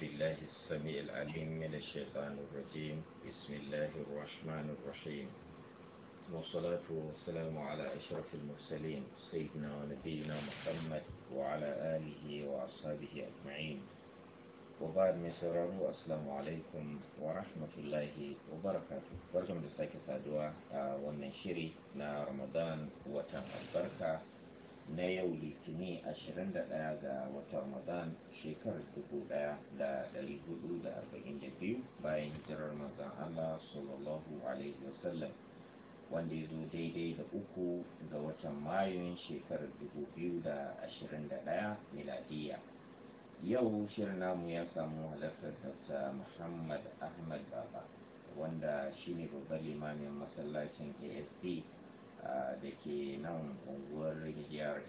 بالله السميع العليم من الشيطان الرجيم بسم الله الرحمن الرحيم والصلاة والسلام على أشرف المرسلين سيدنا ونبينا محمد وعلى آله وأصحابه أجمعين وبعد من سرارو السلام عليكم ورحمة الله وبركاته برجم لساكي سادوا آه، ونشري نا رمضان وتن البركة na yau litini 21 ga watan ramadan shekarar 1442 bayan hijirar mazan allah sallallahu alaihi wasallam wanda ya zo daidai da uku ga watan mayun shekarar 2021 miladiya yau shirin namu ya samu halartar dr muhammad ahmad baba wanda shine babban limamin masallacin asd da ke nan unguwar rigiyar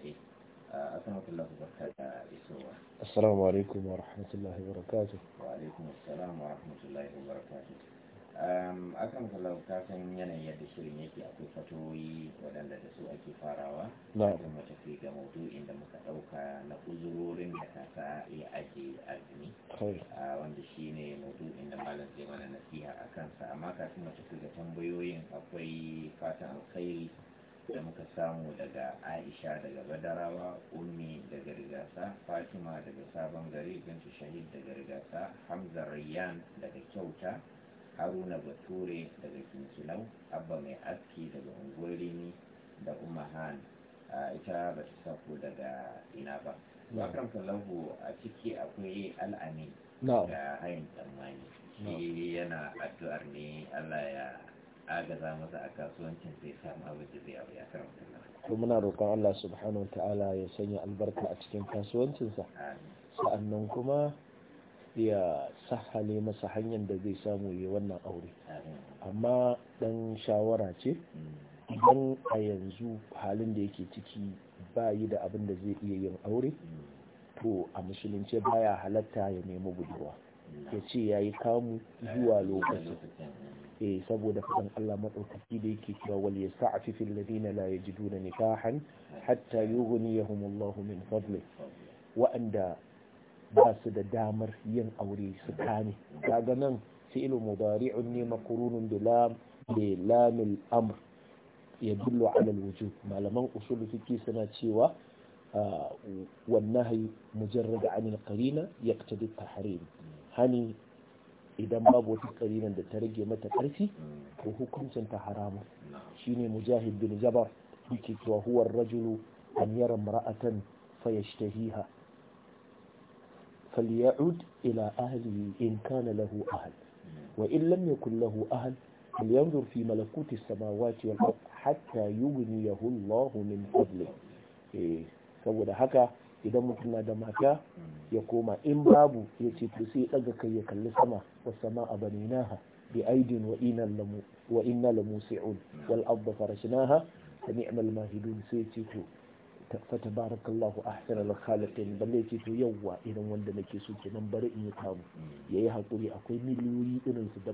a asanatullahu barka da isowa assalamu alaikum wa rahmatullahi wa barakatuh wa alaikum assalamu wa rahmatullahi wa barakatuh Um, akan kalau ka yanayin yadda shirin yake akwai fatoyi waɗanda da su ake farawa don mu tafi ga maudu'in da muka ɗauka na uzurorin da ta sa ya aje azumi wanda shi ne maudu'in da malam zai mana nasiha a kansa amma kafin mu ga tambayoyin akwai fatan alkhairi da muka samu daga aisha daga badarawa ummi daga rigasa fatima daga sabon gari bintu shahid daga rigasa hamza rayyan daga kyauta haruna bature daga kinkinau abba mai aski daga unguwar rini da umma han ita ba ta sako daga ina ba Ba kan kalahu a ciki akwai al'ami da hayin tsammani shi yana addu'ar ne allah ya agaza masa a kasuwancin zai samu abin da zai abu ya karanta Ko muna roƙon allah subhanahu wa ta'ala ya sanya albarka a cikin kasuwancinsa sa'annan kuma ya sahale masa hanyar da zai samu ya wannan aure amma dan shawara ce mm. idan a yanzu halin da yake ciki ba yi da abin da zai iya yin aure mm. to a musulunce baya halatta ya nemi budurwa mm. ya ce ya yi kamu eh, zuwa lokaci eh saboda fadan Allah matsaukaki da yake cewa wal yasta'fifu alladhina la yajiduna nikahan hatta yughniyahum Allahu min fadli wa'anda ba su da damar yin aure su kane. kaga nan ilu mudari'un ne makurunun bi lam bi lamil amr yadullu ala malaman usul suke suna cewa والنهي مجرد عن القرينة يقتضي التحريم hani idan babu wata karina da ta rage mata ƙarfi ko hukuncin ta haramu shine mujahid bin jabar yake cewa huwa rajulu an yara fayashtahiha falya'ud ila ahlihi in kana lahu ahl wa in lam yakul lahu ahl falyanzur fi malakuti samawati wal ard hatta yughniyahu Allah min fadli eh saboda haka idan mutum na da mata ya koma in babu ya ce to sai daga kai ya kalli sama was sama'a baninaha bi aidin wa inna lamu wa inna lamusi'un wal arda farashnaha fa ni'mal mahidun sai ce to fatabarakallahu ahsanul khaliqin balle ce to yawa idan wanda nake so kenan bari in yi kamu mm. yayi hakuri akwai miliyoyi irin su da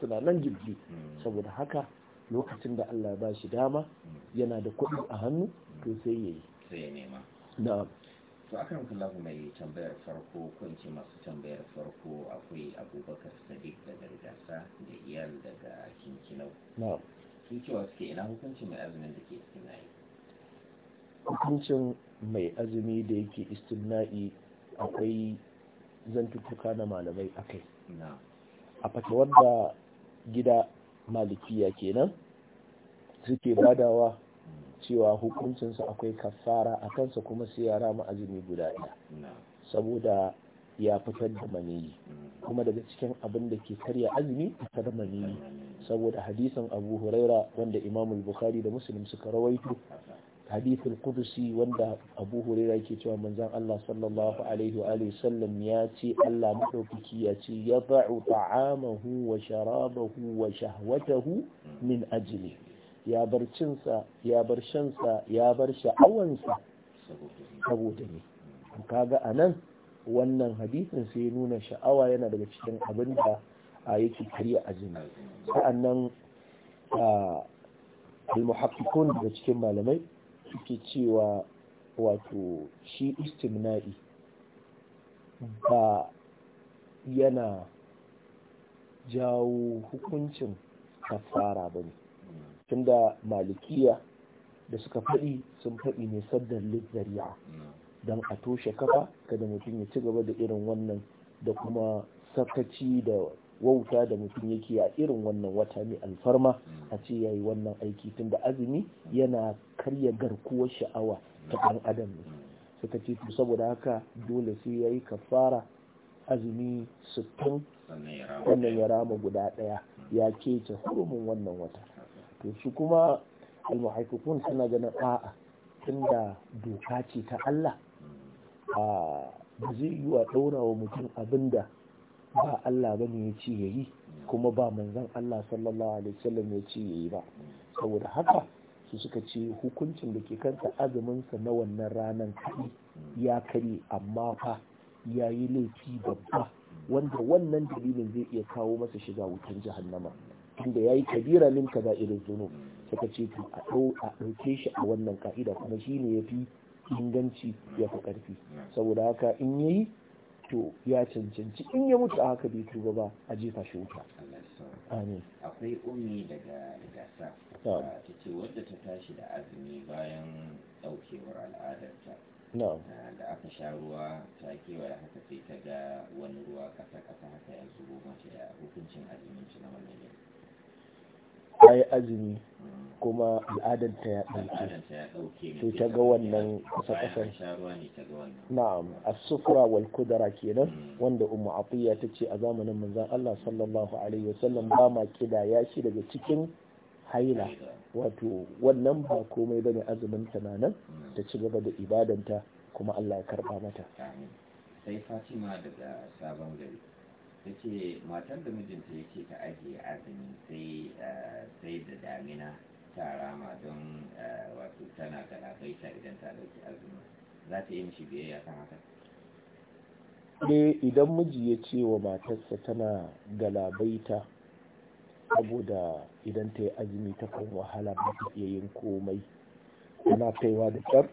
suna nan jirgi mm. saboda haka lokacin da Allah ba shi dama mm. yana da kuɗi a hannu to sai yayi sai ya nema na'am to akan kullahu mai tambayar farko ko ce masu tambayar farko akwai Abubakar Sadiq da Rigasa da iyal daga Kinkinau na'am sun cewa suke ina hukunci mai azumin da ke cikin nayi hukuncin mai azumi da yake istinna'i akwai zantuttuka na malamai a kai a fatawar da gida malikiya kenan suke badawa cewa hukuncinsa akwai kafara a kansa kuma su yara ma'azumi guda ɗaya saboda ya fitar da maniyi mm. kuma daga cikin abin da ke karya azumi da maniyi saboda hadisan abu huraira wanda imamul bukhari da muslim suka rawaito hadithul qudusi wanda Abu Hurairah yake cewa manzon Allah sallallahu alaihi wa alihi sallam ya ce Allah madaukaki ya ce yad'u ta'amahu wa sharabahu wa shahwatahu min ajli ya bar cinsa ya bar shansa ya bar sha'awansa saboda ne kaga anan wannan hadisin sai nuna sha'awa yana daga cikin abin da yake karya azumi sa'annan al-muhaqqiqun daga cikin malamai suke cewa wato shi istimna'i ba yana jawo hukuncin kafara ba ne tun da malikiya da suka faɗi sun faɗi ne saddar lizzariya don a toshe kafa kada mutum ya ci gaba da irin wannan da kuma sarkaci da wauta da mutum yake a irin wannan wata mai alfarma a ce yayi wannan aiki tun da azumi yana karya garkuwar sha'awa ta ɗan adam ne suka ce to saboda haka dole sai yayi kafara azumi sittin wannan ya rama guda ɗaya ya kece hurumin wannan wata to shi kuma almuhaififun suna ganin a'a inda doka ce ta Allah ba zai yi wa ɗaura wa mutum abinda ba Allah bane ne ya ce ya yi kuma ba manzan Allah sallallahu alaihi wasallam ya ce ya yi ba saboda haka su suka ce hukuncin da ke kansa azuminsa na wannan ranar kai ya kare amma fa ya yi laifi babba wanda wannan dalilin zai iya kawo masa shiga wutan jahannama tunda ya yi kabira min kaza irin zuno suka ce to a ɗauke shi a wannan ka'ida kuma shine ya fi inganci ya fi ƙarfi saboda haka in yayi to ya cancanci in ya mutu a haka bai tuba ba a jefa shi wuta amin akwai ummi daga gasa ta ce wadda ta tashi da azumi bayan daukewar al'adarta da aka sha ruwa ta da haka sai ta ga wani ruwa kasa kasa haka ya zubo mace da hukuncin azumin na wannan ne ai azumi kuma ta ya ɗauke to ta ga wannan kusa kusan na'am as-sufra wal kudara kenan hmm. wanda ummu afiya ta ce a zamanin manzon Allah sallallahu alaihi wasallam ba ma kida ya shi daga cikin haila wato wannan ba komai bane azumin ta nan hmm. ta ci gaba da ibadanta kuma Allah ya karba mata sai Fatima daga sabon gari ta matar da mijinta yake ta ajiye azumi sai eh, da damina ta rama don eh, wato tana galabaita idan ta dauki azumi za ta yi mishi biyayya kan haka ne eh, idan miji ya ce wa matarsa tana galabaita saboda idan ta yi azumi ta kan wahala ba ta iya yin komai yana kaiwa da kyar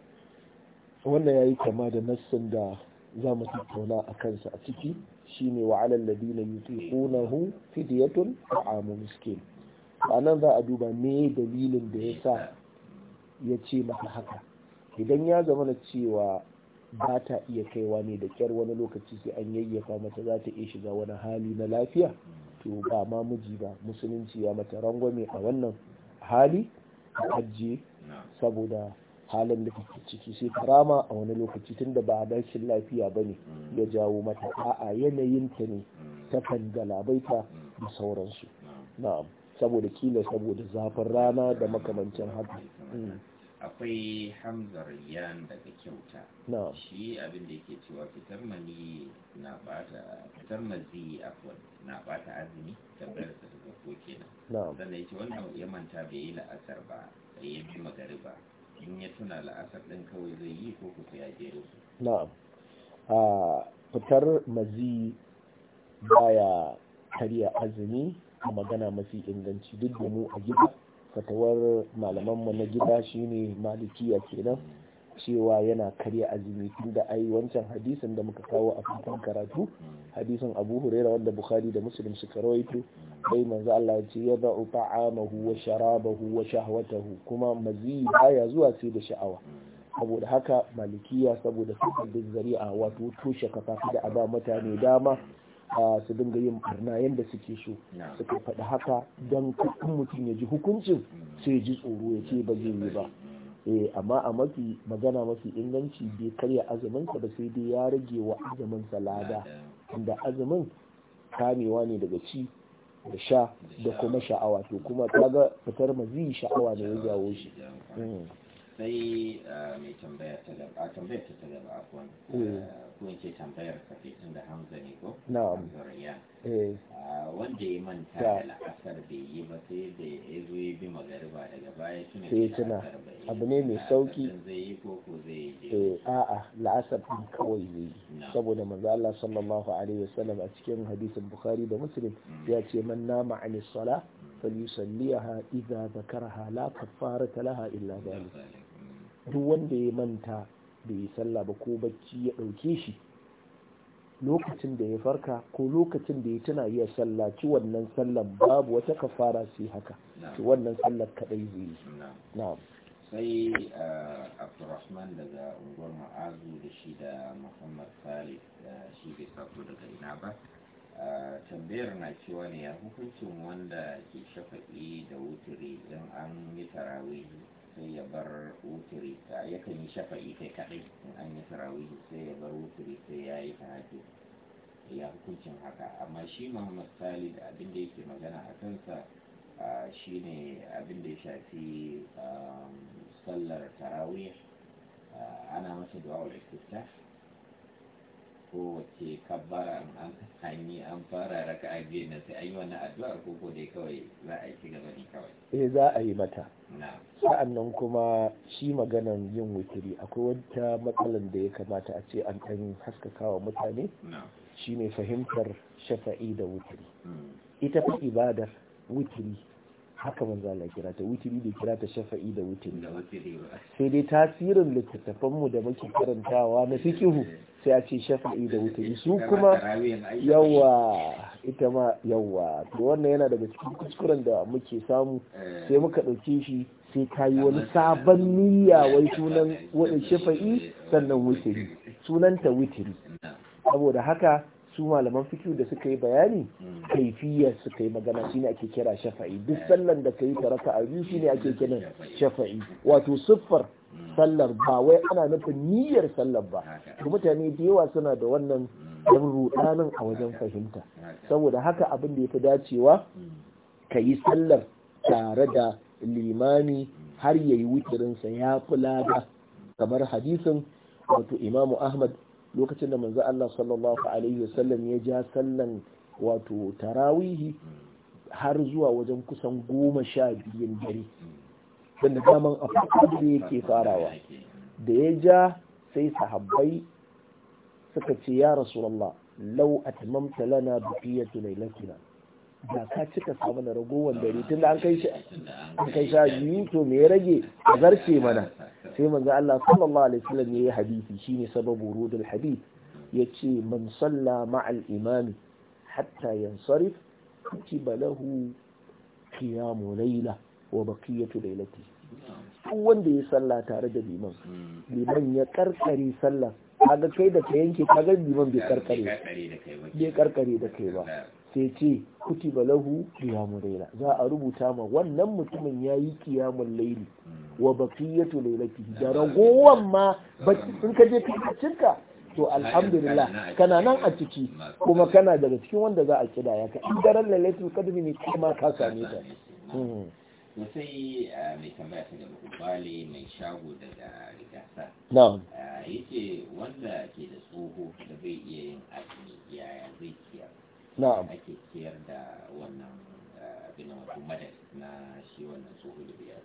wannan ya yi kama da nassin da za mu tattauna a kansa a ciki shine wa alal ladina yutiqunahu fidyatun ta'amu miskin a nan za a duba ne dalilin da ya sa ya ce maka haka idan ya zama na cewa ba ta iya kaiwa ne da kyar wani lokaci sai an yayyafa mata za ta iya shiga wani hali na lafiya to ba ma miji ba musulunci ya mata rangwame a wannan hali a ajiye saboda halin da take ciki sai karama a wani lokaci tun da ba a dashin lafiya ba ne ya jawo mata a'a yanayinta ne ta kan galabaita da sauransu na'am saboda kila saboda zafin rana da makamancin haka hmm. akwai hamzar yan daga kyauta shi abin da yake cewa fitar mali na bata fitar mazi afwan na bata azumi tabbar da ta ko kenan sannan yace wannan ya manta bai yi la'asar ba bai yi bi magariba in ya tuna la'asar din kawai zai yi ko kuka ya jere su na a fitar mazi baya karya azumi a magana mafi inganci duk da mu a gida fatawar malamanmu na gida shine malikiya kenan cewa yana karya azumi tunda ai wancan hadisin da muka kawo a cikin karatu hadisin Abu Huraira wanda Bukhari da Muslim suka rawaito bai manzo Allah ya ce da ta'amahu wa sharabahu wa shahwatahu kuma mazi baya zuwa sai da sha'awa saboda haka malikiya saboda fitar da zari'a wato toshe kafafi da aba mutane dama su dinga yin barna yadda suke so suka faɗi haka don kuɗin mutum ya ji hukuncin sai ji tsoro ya ce ba zai yi ba eh amma a mafi magana mafi inganci bai karya azumin ka ba sai dai ya rage wa azumin lada, inda azumin kamewa ne daga ci da sha da kuma sha'awa to kuma ta ga fitar mazi sha'awa da ya jawo shi sai eh, mai tambaya ta gaba tambayar ta gaba akwai mm. eh, ko in ce tambayar ka ce tun da hamza ne ko na'am eh. ah, wanda ya manta da la'asar bai yi ba sai da ya zo ya bi magariba daga baya tuna sai tuna abu ne mai sauki zai yi ko ko zai yi a'a la'asar din kawai zai yi saboda manzo Allah sallallahu alaihi wasallam a cikin hadisin bukhari da muslim mm. ya ce man nama anis sala mm. falyusalliha idza dhakaraha la kafarata laha illa dhalik duk wanda ya manta da ya sallah ba ko bacci ya ɗauke shi lokacin da ya farka ko lokacin da ya tuna iya ci wannan sallar babu wata kafara sai haka ci wannan sallar kadai zai yi sai eh, abdurrahman daga unguwar ma'azu da shi da muhammad salih eh, shi bai sako daga ina ba eh, tambayar na cewa ne ya hukuncin wanda ke shafa'i da wuturi don an yi tarawihi sai ya bar wuturi ta yakan yi shafa'i kai kaɗai in an yi sarawi sai ya bar wuturi sai ya yi tahajjud ya hukuncin haka amma shi muhammad sali da abin da yake magana a kansa shi ne abin da ya shafi um, sallar tarawih ana masa da ul-istiftah kowace kabbara an hanyi an fara raka a biyu na sai an yi wannan addu'ar koko dai kawai za a yi ci gaba ne kawai eh za a yi mata sa'annan kuma shi maganan yin wutiri akwai wata matsalan da ya kamata a ce an ɗan haskaka wa mutane Shi ne fahimtar shafa'i da wutiri hmm. ita fa ibadar wutiri haka manzo Allah kira ta wutiri da kira ta shafa'i da wutiri sai dai tasirin littattafan mu da muke karantawa na fikihu sai a ce shafa'i da wutiri su kuma yawa ita ma yawa to wannan yana daga cikin kuskuren da muke samu eh. sai muka ɗauke shi sai ka wani sabon niyya wai sunan wani shafa'i sannan wutiri sunanta wutiri saboda haka su malaman fikiyu da suka yi bayani hmm. kaifiyar su kai magana shine ake kira shafa'i duk eh. sallan da kai ta raka a biyu shine ake kiran shafa'i wato siffar hmm. sallar ba wai ana nufin niyyar sallar ba to mutane da yawa suna da wannan hmm. dan rudanin a wajen fahimta saboda haka abin da yafi dacewa ka yi sallar tare da limami har yayi sa ya fi lada kamar hadisin wato imamu ahmad lokacin da manzo Allah sallallahu alaihi wasallam ya ja sallan wato tarawihi har zuwa wajen kusan goma sha biyun dare dan da daman a farko da yake farawa da ya ja sai sahabbai suka ce ya rasulullah lau atmamta lana bukiyatu laylatina da ka cika samu mana ragowar dare tun shi an kai sha biyu to me ya rage a zarce mana sai manzo Allah sallallahu alaihi wasallam yayi hadisi shine sababu rudul hadith yace man salla ma'al imami hatta yansarif kutiba lahu qiyamu layla wa baqiyatu laylati duk wanda ya salla tare da liman hmm. liman ya karkare sallah kaga kai da kai yanke kaga liman bai karkare bai karkare da kai ba sai ce kuti balahu qiyamul layla za a rubuta ma wannan mutumin yayi kiyamun laili wa baqiyatu laylatihi da ragowan ma in ka je ka to alhamdulillah kana nan a ciki kuma kana daga cikin wanda za a kidaya ka in daren lailatul qadr ne kuma ka same ta hmm. to sai eh, mai tambaya ta gaba bale mai shago daga rigasa na eh, yake wanda ke da tsoho da bai iya yin azumi ya zai kiyar na'am ake siyar da wannan eh, abin wato madad na shi wannan tsohon da biya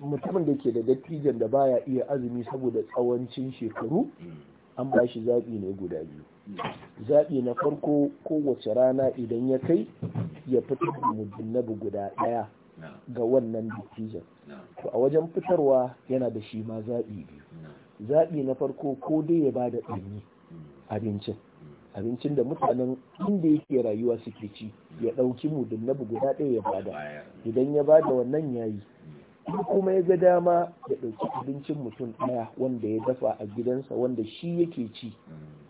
mutumin da ke da dattijan da baya iya azumi saboda tsawancin shekaru mm. an ba shi zaɓi ne guda biyu mm. zaɓi na farko kowace rana idan ya kai ya fitar da mujinnabi guda ɗaya ga wannan dattijan to a wajen fitarwa yana da shi ma zaɓi biyu zaɓi na farko ko dai ya ba da ɗanyi mm. abincin abincin da mutanen inda yake rayuwa suke ci ya ɗauki mudun na guda ɗaya ya bada idan ya bada wannan yayi in kuma ya ga dama ya ɗauki abincin mutum ɗaya wanda ya dafa a gidansa wanda shi yake ci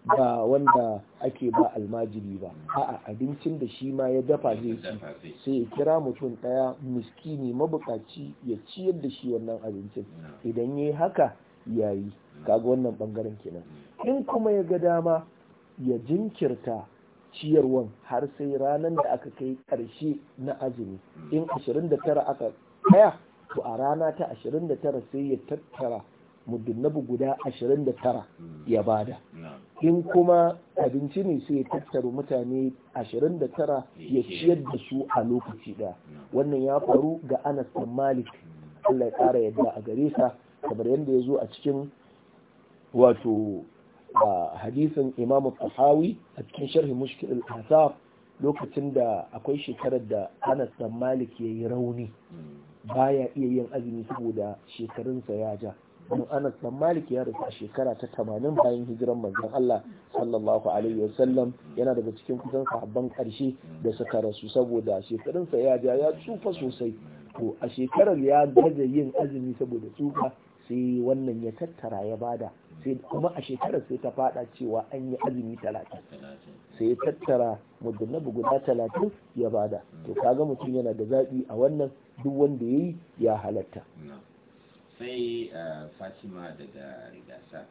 ba wanda ake ba almajiri ba a'a abincin da shi ma ya dafa zai ci sai ya kira mutum ɗaya muskini mabukaci ya ciyar da shi wannan abincin idan ya yi haka yayi kaga wannan ɓangaren kenan in kuma ya ga dama ya jinkirta ciyarwan har sai ranar da aka kai ƙarshe na azumi in 29 aka kaya to a rana ta 29 sai ya tattara mudunnabu guda 29 ya bada in kuma abinci ne sai ya tattara mutane 29 ya ciyar da su a lokaci ɗaya wannan ya faru ga anas bin malik Allah ya ƙara yadda a gare sa kamar yadda ya zo a cikin wato A hadisin Imam Tahawi a cikin sharhi Mushkil al lokacin da akwai shekarar da Anas bin Malik yayi rauni baya iya yin azumi saboda shekarunsa ya ja don Anas bin Malik ya rasu a shekara ta tamanin bayan hijiran manzon Allah sallallahu alaihi wasallam yana daga cikin kusan sahabban karshe da suka rasu saboda shekarunsa ya ja ya tsufa sosai to a shekarar ya gaza yin azumi saboda tsufa sai wannan ya tattara ya bada sai kuma a shekarar sai ta fada cewa an yi azumi talatin sai ya tattara mudunabu guda talatin ya bada to kaga mutum yana da zaɓi a wannan duk wanda ya yi ya halatta sai eh, fatima daga rigasa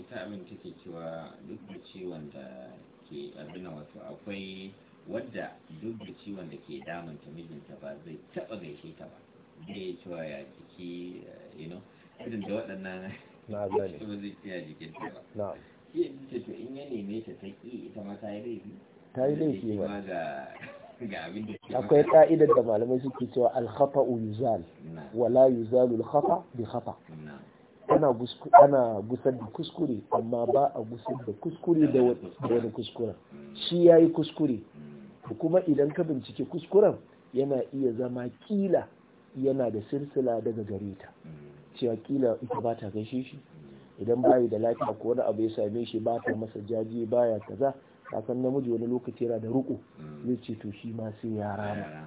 ita abin take cewa duk da ciwon da ke abin wato akwai wadda duk da ciwon da ke damunta mijinta ba zai taɓa gaishe ta ba zai cewa ya jiki eh, you know irin da waɗannan na zai jikin ta ba na ce to in ya neme ta ta ƙi ita ma ta yi laifi ta yi laifi ba akwai ka'idar da malamai suke cewa alhafa uyuzal wala yuzalu alhafa bi hafa ana gusar da kuskure amma ba a gusar da kuskure da wani kuskuren mm. shi ya yi kuskure mm. kuma idan ka bincike kuskuren yana iya zama kila yana da silsila daga gare ta mm. cewa kila ita ba ta gaishe shi idan bayi da lafiya ko wani abu ya same shi ba ta masa jaji baya kaza kan namiji wani lokaci yana da ruku zai ce to shi ma sai ya rama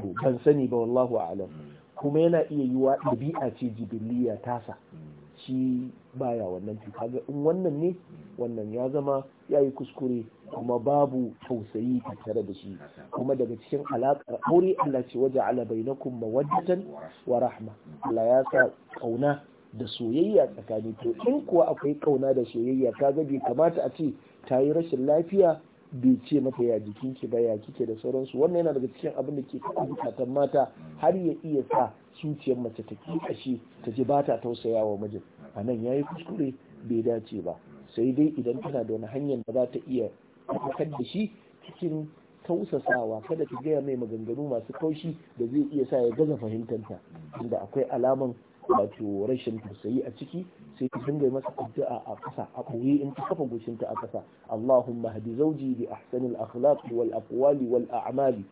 to ban sani ba wallahu a'lam hmm. kuma yana iya yiwa ɗabi'a ce jibiliya tasa hmm. shi baya wannan cuta ga in wannan ne hmm. wannan ya zama ya yi kuskure kuma babu tausayi tattare da shi kuma daga cikin alaƙar aure Allah ce waje ala bainakum mawaddatan wa rahma Allah ya sa kauna da soyayya tsakani to in kuwa akwai kauna da soyayya kaga bai kamata a ce ta yi rashin lafiya bai ce mata ya jikin ki ba ya kike da sauransu wannan yana daga cikin abin da ke kawo bukatan mata har ya iya sa zuciyar mace ta kashi ta ji ba ta tausaya wa mijin a nan ya kuskure bai dace ba sai dai idan tana da wani hanyar da za ta iya kukar da shi cikin tausasawa kada ta gaya mai maganganu masu kaushi da zai iya sa ya gaza fahimtanta inda akwai alaman wato rashin tausayi a ciki sai ki dinga masa addu'a a ƙasa a ɓoye in ta kafa gushinta a ƙasa Allahumma hadi zawji bi ahsanil akhlaq wal aqwali wal a'mali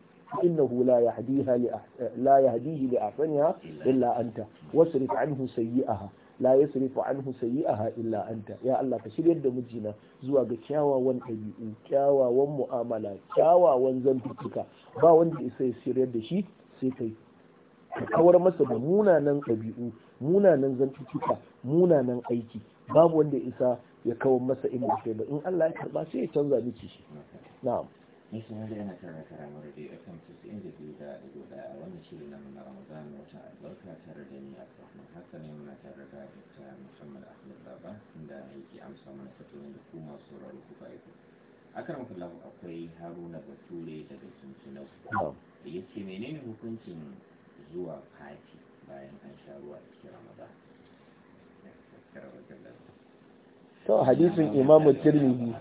إنه لا يهديها لأح... لا يهديه لأحسنها إلا أنت واصرف عنه سيئها la yasrifu anhu sayi'aha illa anta ya Allah ka shiryar da mijina zuwa ga kyawawan ɗabi'u kyawawan mu'amala kyawawan zantuka ba wanda isa ya shiryar da shi sai kai ka kawar masa da munanan ɗabi'u munanan zantuka munanan aiki babu wanda isa ya kawar masa in ba in Allah ya karba sai ya canza miki shi na'am mai suna da yana tara kara mara da ya inda biyu da ɗigo ɗaya a wannan shirin na muna ramadan watan albarka tare da a kafin haka ne muna tare da dokta muhammad ahmad inda yake amsa mana fatoyin da ku masu sauraro ku ba ku a karan kullum akwai haruna bature daga kinkinau ya ce menene hukuncin zuwa fati bayan an sha ruwa cikin ramadan to hadisin imamu tirmidhi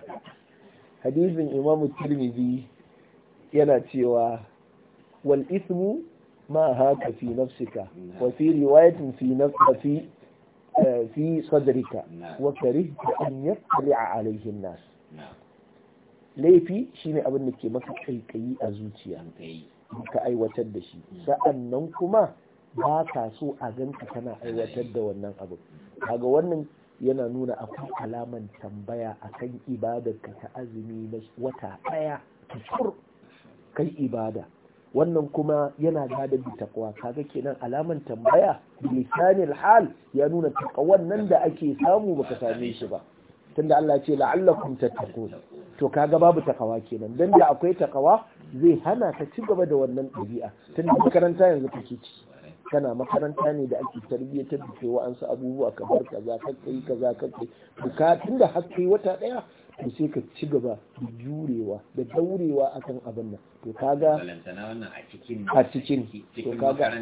hadisin imam tirmidhi yana cewa wal ismu ma haka fi nafsika wa fi riwayatin fi nafsi fi eh, sadrika wa karihta an yattali'a alayhi an-nas laifi shine abin da ke maka kaikayi a zuciya ka aiwatar da shi mm. sa'annan kuma ba ka so a ganka kana aiwatar da wannan abu mm. kaga wannan yana nuna akwai alaman tambaya akan ibadarka ta azumi na wata ɗaya tukur kai ibada wannan kuma yana gada bi takwa kaga kenan alaman tambaya bilisanil hal ya nuna takwan nan da ake samu baka same shi ba tunda Allah ce la'allakum tattaqun to kaga babu takawa kenan dan da akwai takawa zai hana ka ci gaba da wannan ɗabi'a tunda makaranta yanzu kake ci kana makaranta ne da ake tarbiyyatar da kai wa'ansu abubuwa kamar kaza kai kaza kakkai bukatun da har kai wata daya to sai ka ci gaba da jurewa da daurewa akan abin nan to kaga a cikin to kaga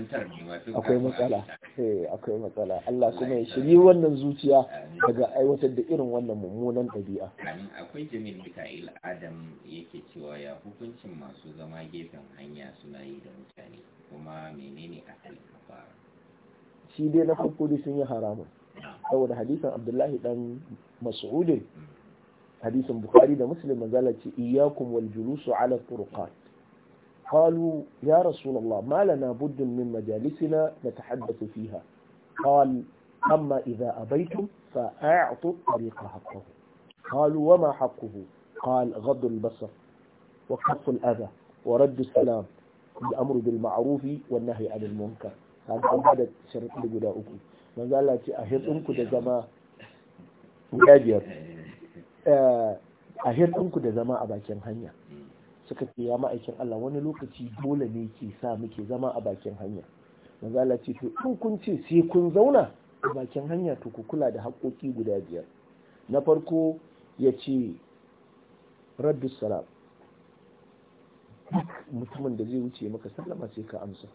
akwai matsala eh akwai matsala Allah kuma ya shiri wannan zuciya daga aiwatar da irin wannan mummunan ɗabi'a kamin akwai Jamil Mika'il Adam yake cewa ya hukuncin masu zama gefen hanya suna yi da mutane kuma menene kan kafara shi dai na farko dai sun yi haramun saboda hadisan Abdullahi dan Mas'udin mm. حديث البخاري ده مسلم manzala إياكم والجلوس على الطرقات قالوا يا رسول الله ما لنا بد من مجالسنا نتحدث فيها قال أما إذا أبيتم فأعطوا الطريق حقه قالوا وما حقه قال غض البصر وقف الأذى ورد السلام الأمر بالمعروف والنهي عن المنكر هذا عدد شرط لقداؤكم ما قال لك أهرئنكم دجما مجاجر Eh, a hirɗinku da zama a bakin hanya suka ce ya ma'aikin Allah wani lokaci dole ne ke sa muke zama a bakin hanya manzo ce to in kun ce sai kun zauna a bakin hanya to ku kula da haƙoƙi guda biyar na farko ya ce rabbi salam mutumin da zai wuce maka sallama sai ka amsa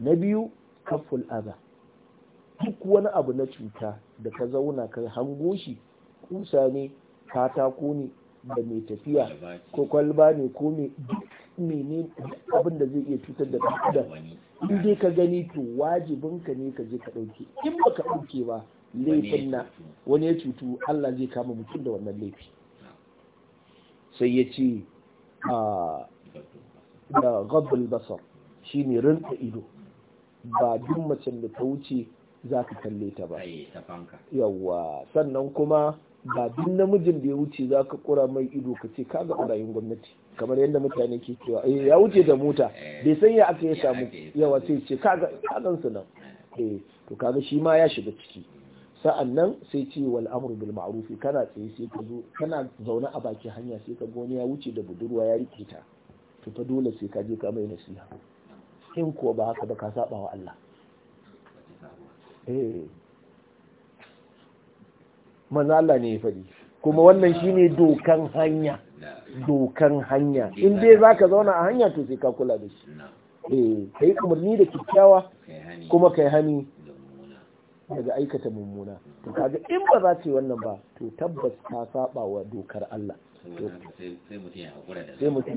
na biyu kaful aza duk wani abu na cuta da ka zauna ka hango shi kusa ne katako ne da mai tafiya ko kwalba ne ko mai mene abin da zai iya cutar da ɗan in dai ka gani to wajibinka ne ka je ka ɗauke in ba ka ɗauke ba laifin na wani ya cutu Allah zai kama mutum da wannan laifi sai ya ce ah, da gabbal basar shi ne rinta ido ba duk macen da ta wuce za ka kalle ta ba yawwa sannan kuma ba duk namijin da ya wuce za ka kura mai ido ka ce kaga ɓarayin gwamnati kamar yadda mutane ke cewa eh ya wuce da mota bai san ya aka ya samu yawa sai ce kaga kagan su nan eh to kaga shi ma ya shiga ciki Sa'an nan sai ce wal amru bil ma'ruf kana tsaye sai ka zo kana zaune a baki hanya sai ka goni ya wuce da budurwa ya rike ta to fa dole sai ka je ka mai nasiha in ko ba haka ba ka saba wa Allah eh manzo Allah ne ya faɗi kuma wannan shine dokan hanya dokan hanya in dai za ka zauna a hanya to sai ka kula da shi eh kai umarni da kyakkyawa kuma kai hani daga aikata mummuna to kaga in ba za ce wannan ba to tabbas ka saba wa dokar Allah sai mutum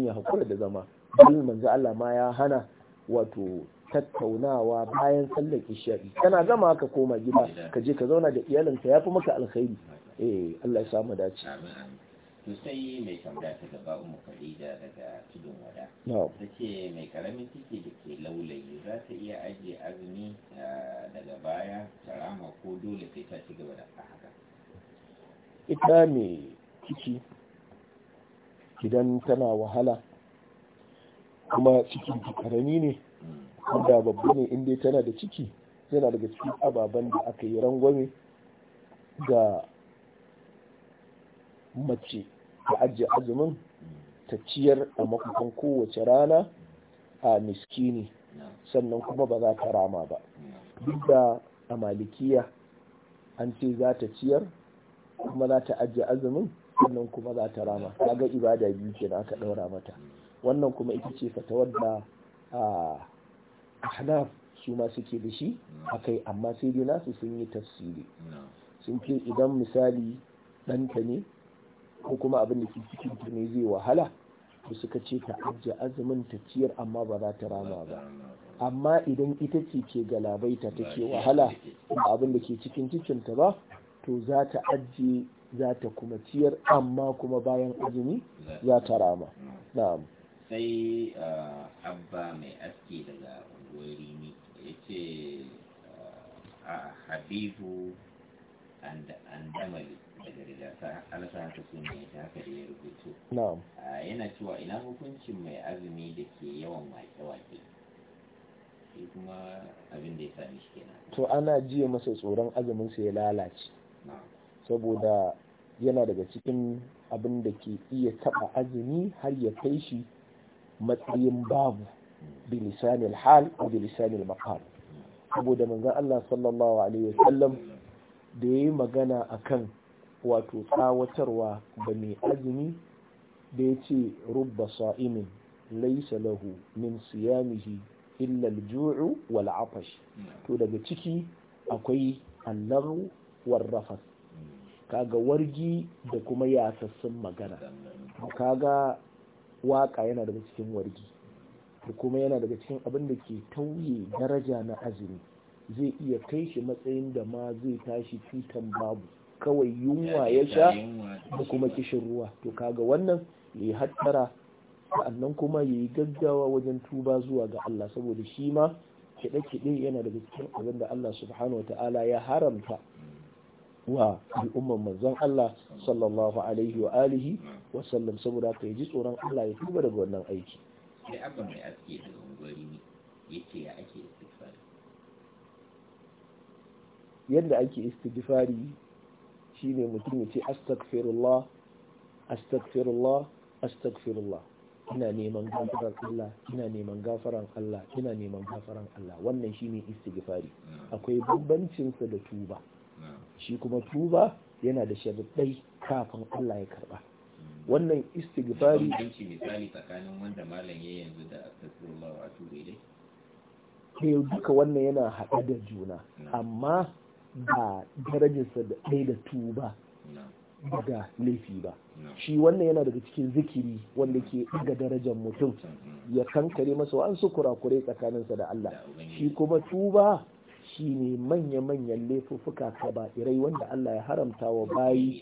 ya hakura da zama sai bal manzo Allah ma ya hana wato tattaunawa bayan sallar isha'i kana gama ka koma gida ka je ka zauna da iyalinka ya fi maka alkhairi eh Allah ya samu dace to sai mai tambaya ta gaba umu Khadija daga tudun wada ta take mai karamin ciki da ke laulayi za ta iya ajiye azumi ah, daga baya ta rama ko dole sai ta ci gaba da haka ita ne ciki idan tana wahala kuma cikin karami ne da babba ne inda tana da ciki yana daga cikin ababen da aka yi rangwame ga mace da ajiye azumin ta ciyar a makon kowace rana a miskini sannan kuma ba za ta rama ba duk da a malikiya an ce za ta ciyar kuma za ta ajiye azumin sannan kuma za ta rama ga ibada biyu ke na aka ɗaura mata wannan kuma ita ce fatawar wadda. ahnaf su ma suke da shi akai amma sai dai nasu sun yi tafsiri sun ce idan misali ɗanta ne ko kuma abin da ke cikin ta ne zai wahala to suka ce ta ajiye azumin ta ciyar amma ba za ta rama ba amma idan ita ce ke galabaita ta ke wahala ba abin da ke cikin cikinta ba to za ta ajiye za ta kuma ciyar amma kuma bayan azumi za ta rama na'am sai ah, abba mai aski daga unguwar rimi ya ce a ah, ah, habibu andamali daga rigata alasa su ne ta haka da ya rubutu yana cewa ina hukuncin mai azumi da ke yawan wake-wake shi kuma abin da ya sami shi kenan to ana jiya masa tsoron azumin ya lalace saboda yana daga cikin abin da ke iya taba azumi har ya kai shi matsayin babu al hal ko al maqal saboda manzon Allah sallallahu alaihi wasallam da yayi magana akan wato tsawatarwa ba mai azumi da yace ce rubba sa'imin laisa lahu min siyamihi illa al-ju'u wal afash to daga ciki akwai annaru war rafas kaga wargi da kuma yasassun magana kaga waka yana daga cikin wargi da kuma yana daga cikin abin da ke tauye daraja na azumi zai iya kai shi matsayin da ma zai tashi titan babu kawai yunwa ya sha da kuma kishin ruwa to kaga wannan ya yi hattara sa'annan kuma ya yi gaggawa wajen tuba zuwa ga Allah saboda shi ma kiɗe-kiɗe yana daga cikin abin da Allah subhanahu wa ta'ala ya haramta wa al'umman manzon Allah sallallahu alaihi wa alihi wasallam saboda ka ji tsoron Allah ya tuba daga wannan aiki sai mai aske da yake ya ake istighfari yadda ake istighfari shine mutum ya ce astaghfirullah astaghfirullah astaghfirullah ina neman gafaran Allah ina neman gafaran Allah ina neman gafaran Allah wannan shine istighfari akwai bambancin sa da tuba shi kuma tuba yana da sharuɗai kafin Allah ya karba wannan istighfari bambanci misali tsakanin wanda malam ya yanzu da astaghfirullah wa ture dai? Eh, duka wannan yana haɗe da juna amma ba sa da ɗaya da tuba daga laifi ba shi wannan yana daga cikin zikiri wanda ke daga darajar mutum ya kankare masa an kurakure tsakanin sa da Allah shi kuma tuba shi ne manya-manyan laifuffuka irai wanda Allah ya haramta wa bayi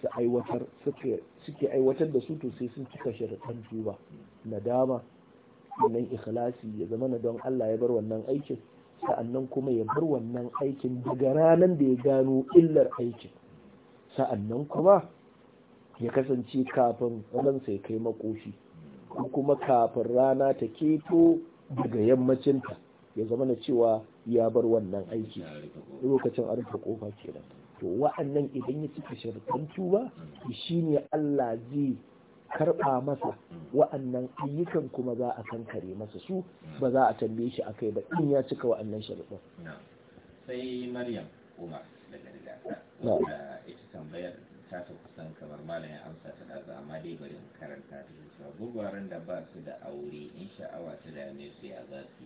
su aiwatar suke aiwatar da su to sai sun cika sharaɗan tuba nadama sannan ikhlasi ya zama na don Allah ya bar wannan aikin sa'annan kuma ya bar wannan aikin daga ranar da ya gano illar aikin sa'annan kuma ya kasance kafin ransa sai kai makoshi ko kuma kafin rana ta keto daga yammacinta ya zama na cewa ya bar wannan aiki lokacin arfa rufe kofa kenan to wa'annan idan ya cika sharɗin tuba ne Allah zai karɓa masa wa'annan ayyukan kuma za a kankare masa su ba za a tambaye shi akai ba in ya cika wa'annan sharɗin sai Maryam Umar daga wanda ita tambayar ta ta kusan kamar malam ya amsa ta da amma dai bari mu karanta ta shi gugwaren da ba su da aure in sha'awa ta dame su ya za su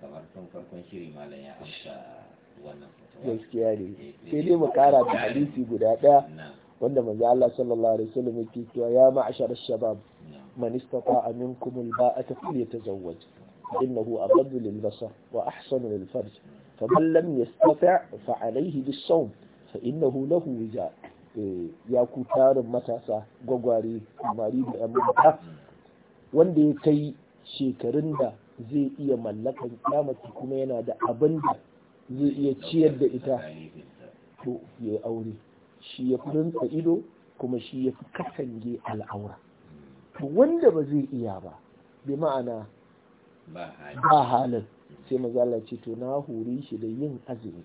kamar tun farkon shiri malam ya amsa gaskiya ne eh, eh, sai eh, dai mu kara da hadisi guda daya wanda manzo Allah sallallahu alaihi wasallam yake cewa ya ma'ashar shabab man istata aminkum alba'ata falyatazawwaj innahu abadu lil basar wa ahsanu lil farj man lam yastati' fa alayhi bis sawm fa innahu lahu wija ya ku tarin matasa gwagware mari da amma wanda ya kai shekarun da zai iya mallakan kyamata kuma yana da abin da zai iya ciyar da ita to ya yi aure shi ya fi ido kuma shi ya fi al'aura to wanda ba zai iya ba bi ma'ana ba halin sai mazala ce to na hori shi da yin azumi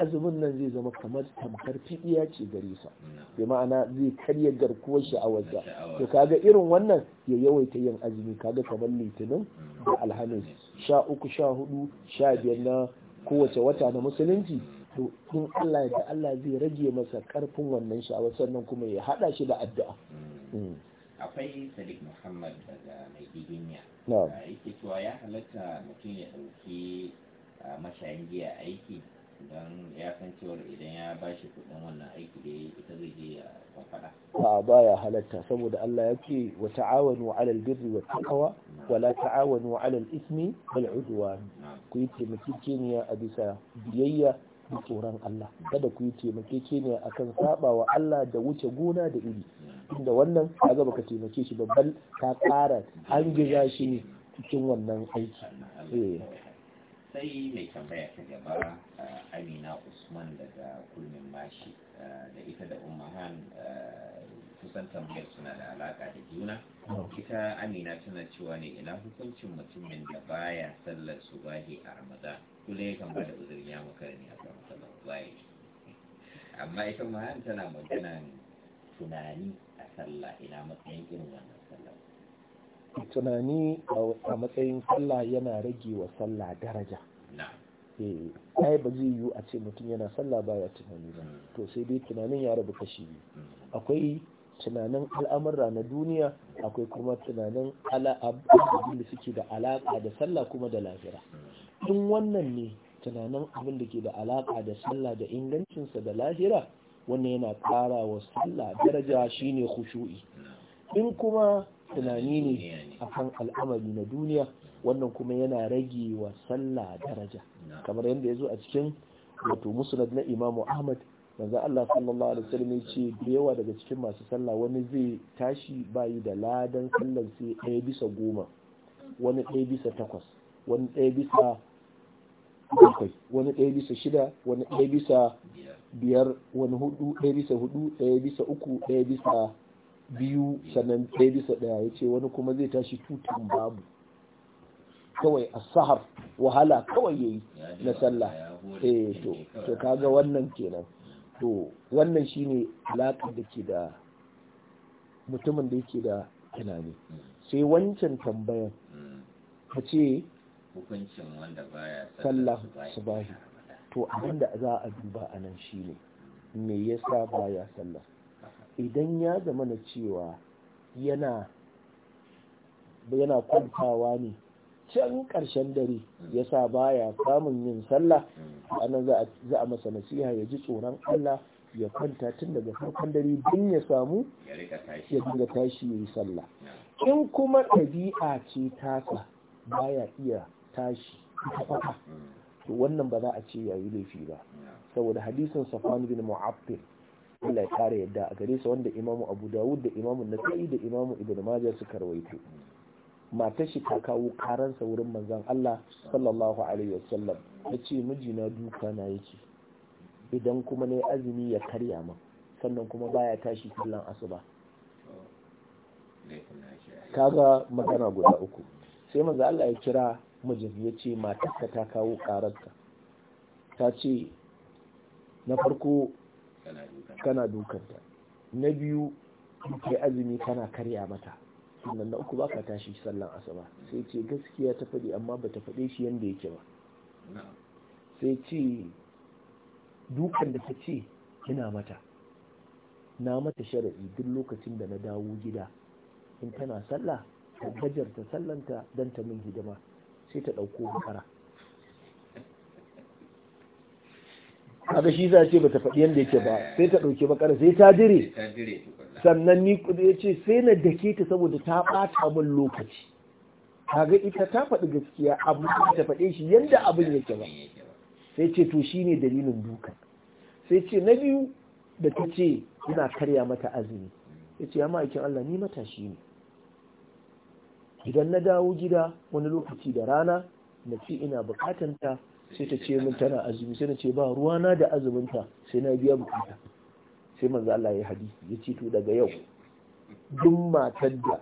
azumin nan zai zama kamar tamkar fiɗiya ce gare sa bi ma'ana zai karya garkuwar shi a wajen to kaga irin wannan ya yawaita yin azumi kaga kamar litinin da alhamis sha uku sha hudu sha biyar na kowace wata na musulunci to in Allah ya Allah zai rage masa karfin wannan sha'awa, sannan kuma ya hada shi da addu'a mm. Mm. akwai sadiq muhammad daga mai giginya uh, yake cewa ya halatta mutum ya dauki uh, mashayin giya aiki don ya san cewar idan ya ba shi kudin wannan aiki da ita zai je ya faɗa. Ba baya halatta saboda Allah ya ce wa ta'awanu alal birri wa taqwa wa la ta'awanu alal ismi wal udwan. Ku yi taimakekeniya a bisa biyayya da tsoron Allah. Kada ku yi taimakekeniya akan saba wa Allah da wuce gona da iri. Inda wannan ga baka taimake shi babban ka ƙara an gaza shi cikin wannan aiki. Eh. sai mai tambaya ta gaba eh, amina usman daga kulmin mashi eh, da ita da umahan eh, kusan tambayar suna da alaka da juna ita amina tana cewa ne ina hukuncin mutumin da baya sallar subahi a ramadan kula ya ba da uzurin ya makara ne a kan sallar amma ita umahan tana magana tunani a sallah ina matsayin irin wannan tunani a matsayin sallah yana rage wa sallah daraja eh, ai ba zai yiwu a ce mutum yana sallah baya tunani ba hmm. to sai dai tunanin ya rabu kashi biyu hmm. akwai tunanin al'amurra na duniya akwai kuma tunanin al'abin da suke da alaƙa da sallah kuma da lahira. Hmm. in wannan ne tunanin abin da ke da alaƙa da sallah da ingancinsa da lahira wannan yana ƙara wa sallah daraja shine khushu'i in kuma tunani ne akan al'amari na duniya wannan kuma yana rage wa sallah daraja kamar yadda ya zo a cikin wato musnad na imamu ahmad manzo Allah sallallahu alaihi wasallam ya ce da yawa daga cikin masu sallah wani zai tashi bayi da ladan sallar sai ɗaya bisa goma wani ɗaya bisa takwas wani ɗaya bisa bakwai wani ɗaya bisa shida wani ɗaya bisa biyar wani hudu ɗaya bisa hudu ɗaya bisa uku ɗaya bisa biyu sannan ɗaya bisa ɗaya ya ce wani kuma zai tashi tutun babu kawai a sahar wahala kawai ya yi na sallah eh to to kaga wannan kenan to wannan shine alaƙar da ke da mutumin da yake da tunani hmm. sai wancan tambayan hmm. ka ce hukuncin wanda baya sallah subahi to abinda za a duba anan shine me yasa baya sallah idan ya zama na cewa yana yana kwantawa ne can ƙarshen dare ya sa baya samun yin sallah ana za a masa nasiha ya ji tsoron Allah ya kwanta tun daga farkon dare din ya samu ya dinga tashi ya yi sallah in kuma ɗabi'a ce tasa baya iya tashi ta kwata mm. to wannan ba za a ce yayi laifi ba saboda hadisin safan bin mu'abdin Allah ya kare yadda a gare sa wanda imam abu dawud da imamu nasa'i da Imam ibn majah suka rawaito matar shi ta kawo karansa wurin manzon Allah sallallahu alaihi wasallam yace miji mijina duka na yake idan kuma ne azumi ya karya ma sannan kuma baya tashi sallan asuba kaga magana guda uku sai manzo Allah ya kira mijin ya ce matarka ta kawo karanka ta ce na farko kana dukanta na biyu kai azumi kana karya mata sannan na uku baka tashi sallan asaba sai ce gaskiya ta faɗi amma ba ta faɗe shi yadda yake ba sai ce dukan da ta ce ina mata na mata sharaɗi duk lokacin da na dawo gida in tana sallah ta gajarta sallanta don ta min hidima sai ta ɗauko bukara kaga shi za ce bata faɗi yadda yake ba sai ta ɗauke bakar sai ta dire sannan ni ya ce sai na dake ta saboda ta ɓata min lokaci kaga ita ta faɗi gaskiya amma ta faɗe shi yadda abin yake ba sai ce to shine dalilin duka. sai ce na biyu da ta ce ina karya mata azumi ya ce ya ma'aikin Allah ni matashi ne idan na dawo gida wani lokaci da rana na ce ina bukatanta sai ta ce min tana azumi sai na ce ba ruwana da azuminta sai na biya bukata sai manzo Allah ya hadisi ya ce to daga yau duk matar da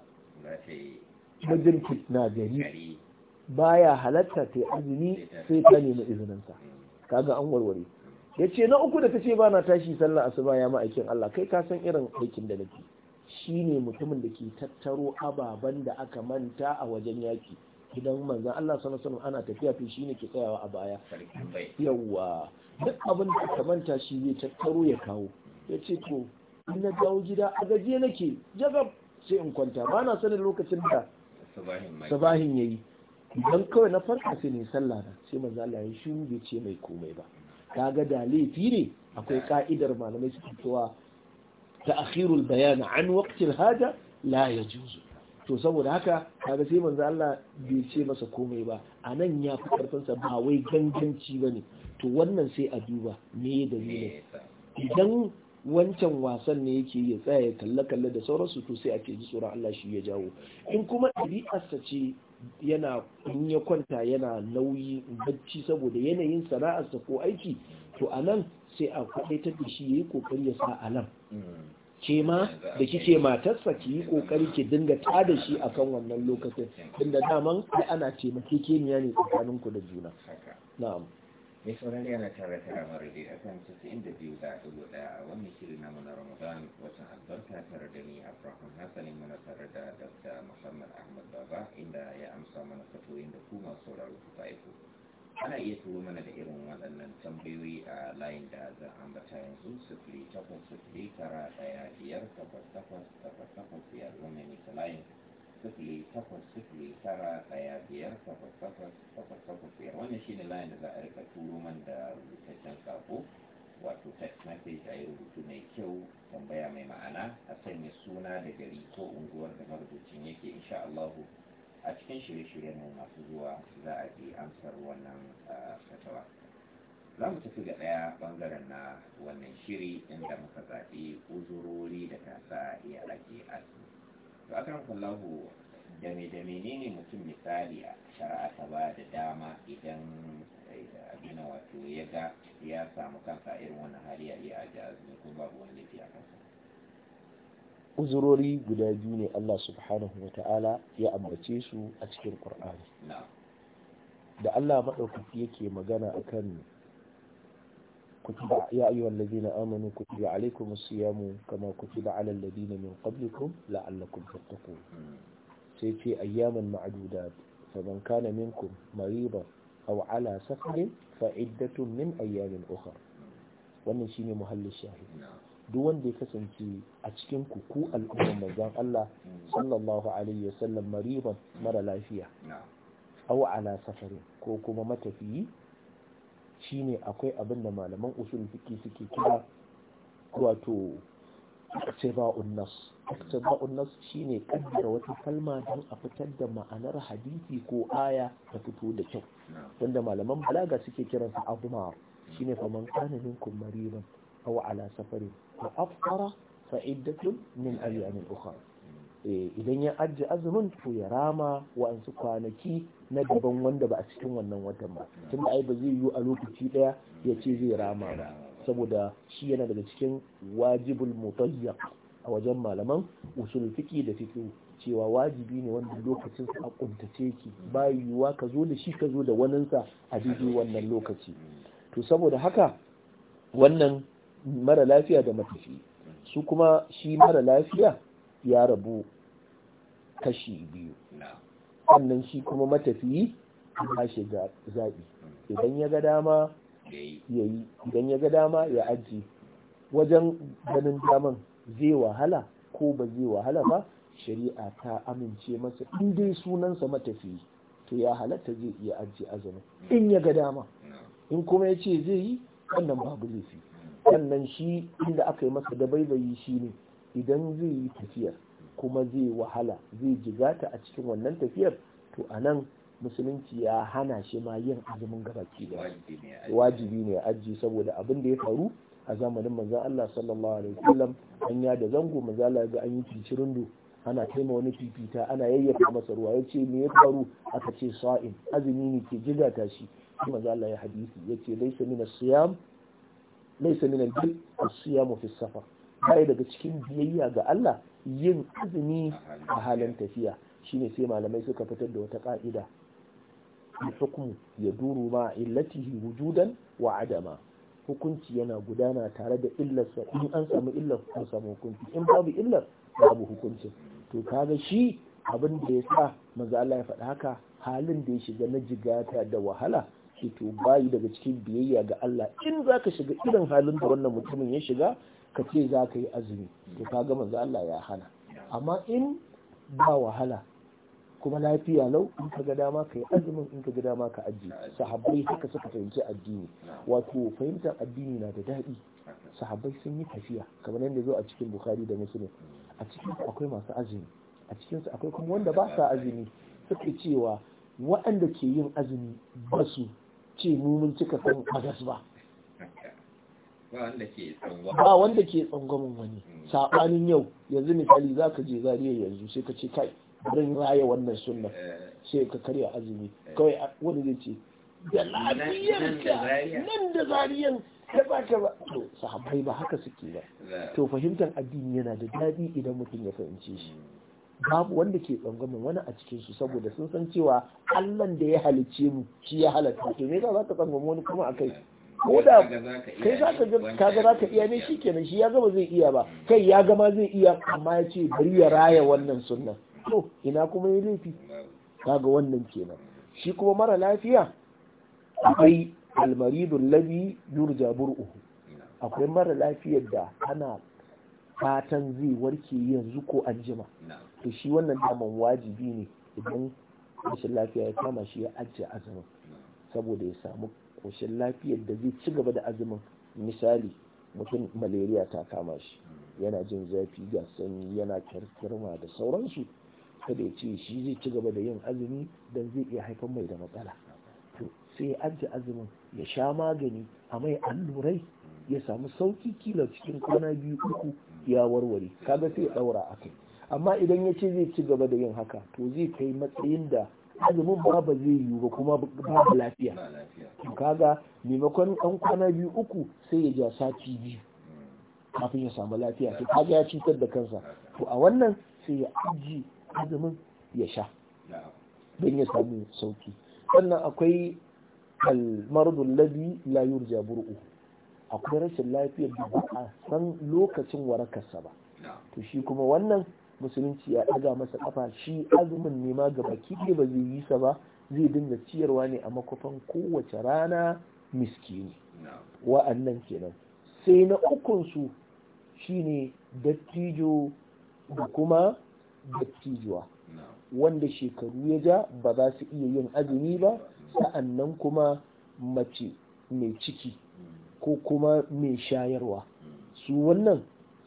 majinki na gari baya halatta ta azumi sai ta nemi izininsa kaga an warware ya ce na uku da ta ce ba na tashi sallar asuba ya ma'aikin Allah kai ka san irin aikin da nake shine mutumin da ke tattaro ababen da aka manta a wajen yaki gidan manzan Allah sallallahu alaihi ana tafiya shi ne ke tsayawa a baya Yawwa duk abin da ka manta shi zai tattaro ya kawo ya ce to in na dawo gida a gaje nake jagab sai in kwanta ba na sanin lokacin da sabahin yayi idan kawai na farka sai ne sallah na sai manzo Allah ya shiru bai ce mai komai ba kaga da laifi ne akwai ka'idar malamai su fitowa ta akhirul bayan an waqtil hada la juzu. to saboda haka kaga sai manzo Allah bai ce masa komai ba a nan ya fi karfin ba wai ganganci bane to wannan sai a duba me dalilin idan wancan wasan ne yake ya tsaya ya kalla kalla da sauransu to sai ake ji tsoron Allah shi ya jawo in kuma ɗabi'arsa ce yana in ya kwanta yana nauyi bacci saboda yanayin sana'arsa ko aiki to anan sai a kwaɗaitar da shi ya yi ƙoƙari ya sa alam ke ma da kike matarsa ki yi kokari ki dinga tada shi akan wannan lokacin inda daman ai ana ce niya ne tsakanin ku da juna na'am mai saurari yana tare ta ramar da a kan casa'in inda biyu da dubu daya wannan shirin namu na ramadan watan albarka tare da ni abraham hassani mana tare da dr muhammad ahmad baba inda ya amsa mana fatoyin da ku masu su ta aiko ana iya turo mana da irin waɗannan tambayoyi a layin da zan ambata yanzu sifili takwas sifili tara ɗaya biyar takwas takwas takwas takwas biyar wannan ita layin sifili takwas sifili tara ɗaya biyar takwas takwas takwas takwas biyar wannan shi ne layin da za a rika turo man da rubutaccen sako wato text message a yi rubutu mai kyau tambaya mai ma'ana a sanya suna da gari ko unguwar da marubucin yake insha Allahu a cikin shirye-shiryen nan masu zuwa za a ji amsar wannan fatawa za mu tafi ga ɗaya ɓangaren na wannan shiri inda muka zaɓi uzurori da ta sa iya ake asibiti to akan kullahu dame da menene mutum misali a shari'a ta ba da dama idan eh, abin wato ya ga ya samu kansa irin wannan hali ya iya ajiye azumi ko babu wani lafiya kansa uzurori guda biyu ne Allah subhanahu wa ta'ala ya ambace su a cikin ƙur'ani da Allah maɗaukaki yake magana a kan kutiba ya ayyuhal ladina amanu kutiba alaikum siyamu kama kutiba ala alladina min qablikum la'allakum tattaqun hmm. sai ce ayyaman ma'dudat faman kana minkum mariba, aw ala safarin fa min ayyamin ukhra hmm. wannan shine muhallin shahid duk wanda ya kasance a cikin kuku al'ummar Allah sallallahu alaihi wasallam mariban mara lafiya aw ala safarin ko kuma matafiyi shine akwai abin da malaman usul fiqi suke kira wato iktiba'un nas iktiba'un nas shine kaddara wata kalma don a fitar da ma'anar hadisi ko aya ta fito da kyau wanda malaman balaga suke kiransa abuma shine faman kana minkum mariban aw ala safarin فأفطر فعدة من أيام أخرى idan ya ajiye azumin to ya rama wa su kwanaki na daban wanda ba a cikin wannan watan ba tun da ai ba zai yiwu a lokaci daya ya ce zai rama ba saboda shi yana daga cikin wajibul mutayyaq a wajen malaman usul fiqi da fiqi cewa wajibi ne wanda lokacin sa kuntace ki ba yiwuwa ka zo da shi ka zo da waninsa a didi wannan lokaci to saboda haka wannan mara lafiya da matafi su kuma shi mara lafiya ya rabu kashi biyu sannan shi kuma matafiyi ya shiga zaɓi idan ya ga dama ya yi idan ya ga dama ya aji wajen ganin daman zai wahala ko ba zai wahala ba shari'a ta amince masa in dai sunansa matafiyi to ya halatta zai iya aji azumi in ya ga dama in kuma ya ce zai yi wannan babu laifi sannan shi inda aka yi masa dabaibayi shi ne idan zai yi tafiyar kuma zai wahala zai jigata a cikin wannan tafiyar to a nan musulunci ya hana shi ma yin azumin gabaki da wajibi ne aji saboda abin da ya faru a zamanin manzon Allah sallallahu alaihi wasallam an ya da zango mazala Allah ga an yi do ana taima wani fifita ana yayyafa masa ruwa ya ce me ya faru aka ce sa'in azumi ne ke jigata shi manzon Allah ya hadisi yace laysa min as-siyam laisa min al-bil as-siyamu fi safar bai daga cikin biyayya ga Allah yin azumi a halin tafiya shine sai malamai suka fitar da wata ka'ida al-hukmu duru ma illatihi wujudan wa adama hukunci yana gudana tare da illarsa in an samu illar an samu hukunci in babu illar babu hukunci. to kaga shi abin da ya sa manzo Allah ya faɗa haka halin da ya shiga na jigata da wahala to bayi daga cikin biyayya ga Allah in za ka shiga irin halin da wannan mutumin ya shiga ka ce za ka yi azumi to ka ga manzo Allah ya hana amma in ba wahala kuma lafiya lau in ka ga dama ka yi azumin in ka ga dama ka aji sahabbai haka suka fahimci addini wato fahimtar addini na da daɗi sahabbai sun yi tafiya kamar yadda zo a cikin bukhari da muslim a cikin akwai masu azumi a cikin su akwai kuma wanda ba sa azumi suke cewa waɗanda ke yin azumi ba su ce mu mun cika san ba ba wanda ke tsangwamin wani saɓanin yau yanzu misali za ka je zariya yanzu sai ka ce kai rin raya wannan sunna eh. sai ka karya azumi kawai wani zai ce da lafiyarka nan da zariyan da ba ka ba to sahabbai ba haka suke ba to fahimtar addini yana da daɗi idan mutum ya fahimce shi hmm. babu wanda ke tsangwamin wani a cikin su saboda sun san cewa allan da ya halicce mu shi ya halatta to me za ka tsangwami wani kuma akai ko da kai za ka ga za ka iya ne shi kenan shi ya gama zai iya ba kai ya gama zai iya amma ya ce bari ya raya wannan sunnan to ina kuma ya laifi kaga wannan kenan shi kuma mara lafiya akwai almaridun labi yurja bur'uhu akwai mara lafiyar da ana fatan zai warke yanzu ko anjima? to shi wannan daman wajibi ne idan rashin lafiya ya kama shi ya ajiye azumin saboda ya samu koshin lafiyar da zai ci gaba da azumin misali mutum malaria ta kama shi yana jin zafi ga sanyi yana kirkirma da sauransu kada ya ce shi zai ci gaba da yin azumi don zai iya haifar mai da matsala to sai ya ajiye azumin ya sha magani a mai allurai ya samu sauki kila cikin kwana biyu uku ya warware kaga sai ya daura a kai amma idan ya ce zai ci gaba da yin haka to zai kai matsayin da azumin ba zai yiwu ba kuma babu lafiya to kaga maimakon ɗan kwana biyu uku sai ya ja sati biyu kafin ya samu lafiya to kaga ya cutar da kansa to a wannan sai ya aji azumin ya sha don ya samu sauki sannan akwai almaradun ladi la yurja akwai rashin lafiyar da ba a san lokacin warakarsa ba to shi kuma wannan musulunci ya ɗaga masa ƙafa shi azumin ne ma gaba kiɗe ba zai yi sa ba zai dinga ciyarwa ne a makwafan kowace rana miskini wa'annan kenan sai na ukun su shine dattijo da kuma dattijuwa wanda shekaru ya ja ba za su iya yin azumi ba sa'annan kuma mace mai ciki ko kuma mai shayarwa hmm. su wannan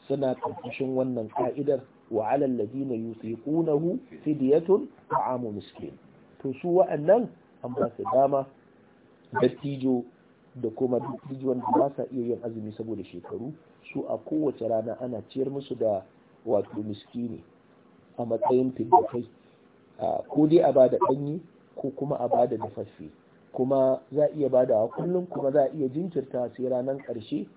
suna ƙarƙashin wannan ka'idar وعلى الذين يطيقونه فدية fidyatun مسكين miskin to su wa'annan an ba su dama dattijo da kuma dattijuwan da ba sa iya yin azumi saboda shekaru su a kowace rana ana ciyar musu da wato miskini a matsayin fiddakai ko dai a bada ɗanyi ko kuma a bada dafaffe kuma za a iya bada kullum kuma za a iya jinkirta sai ranar ƙarshe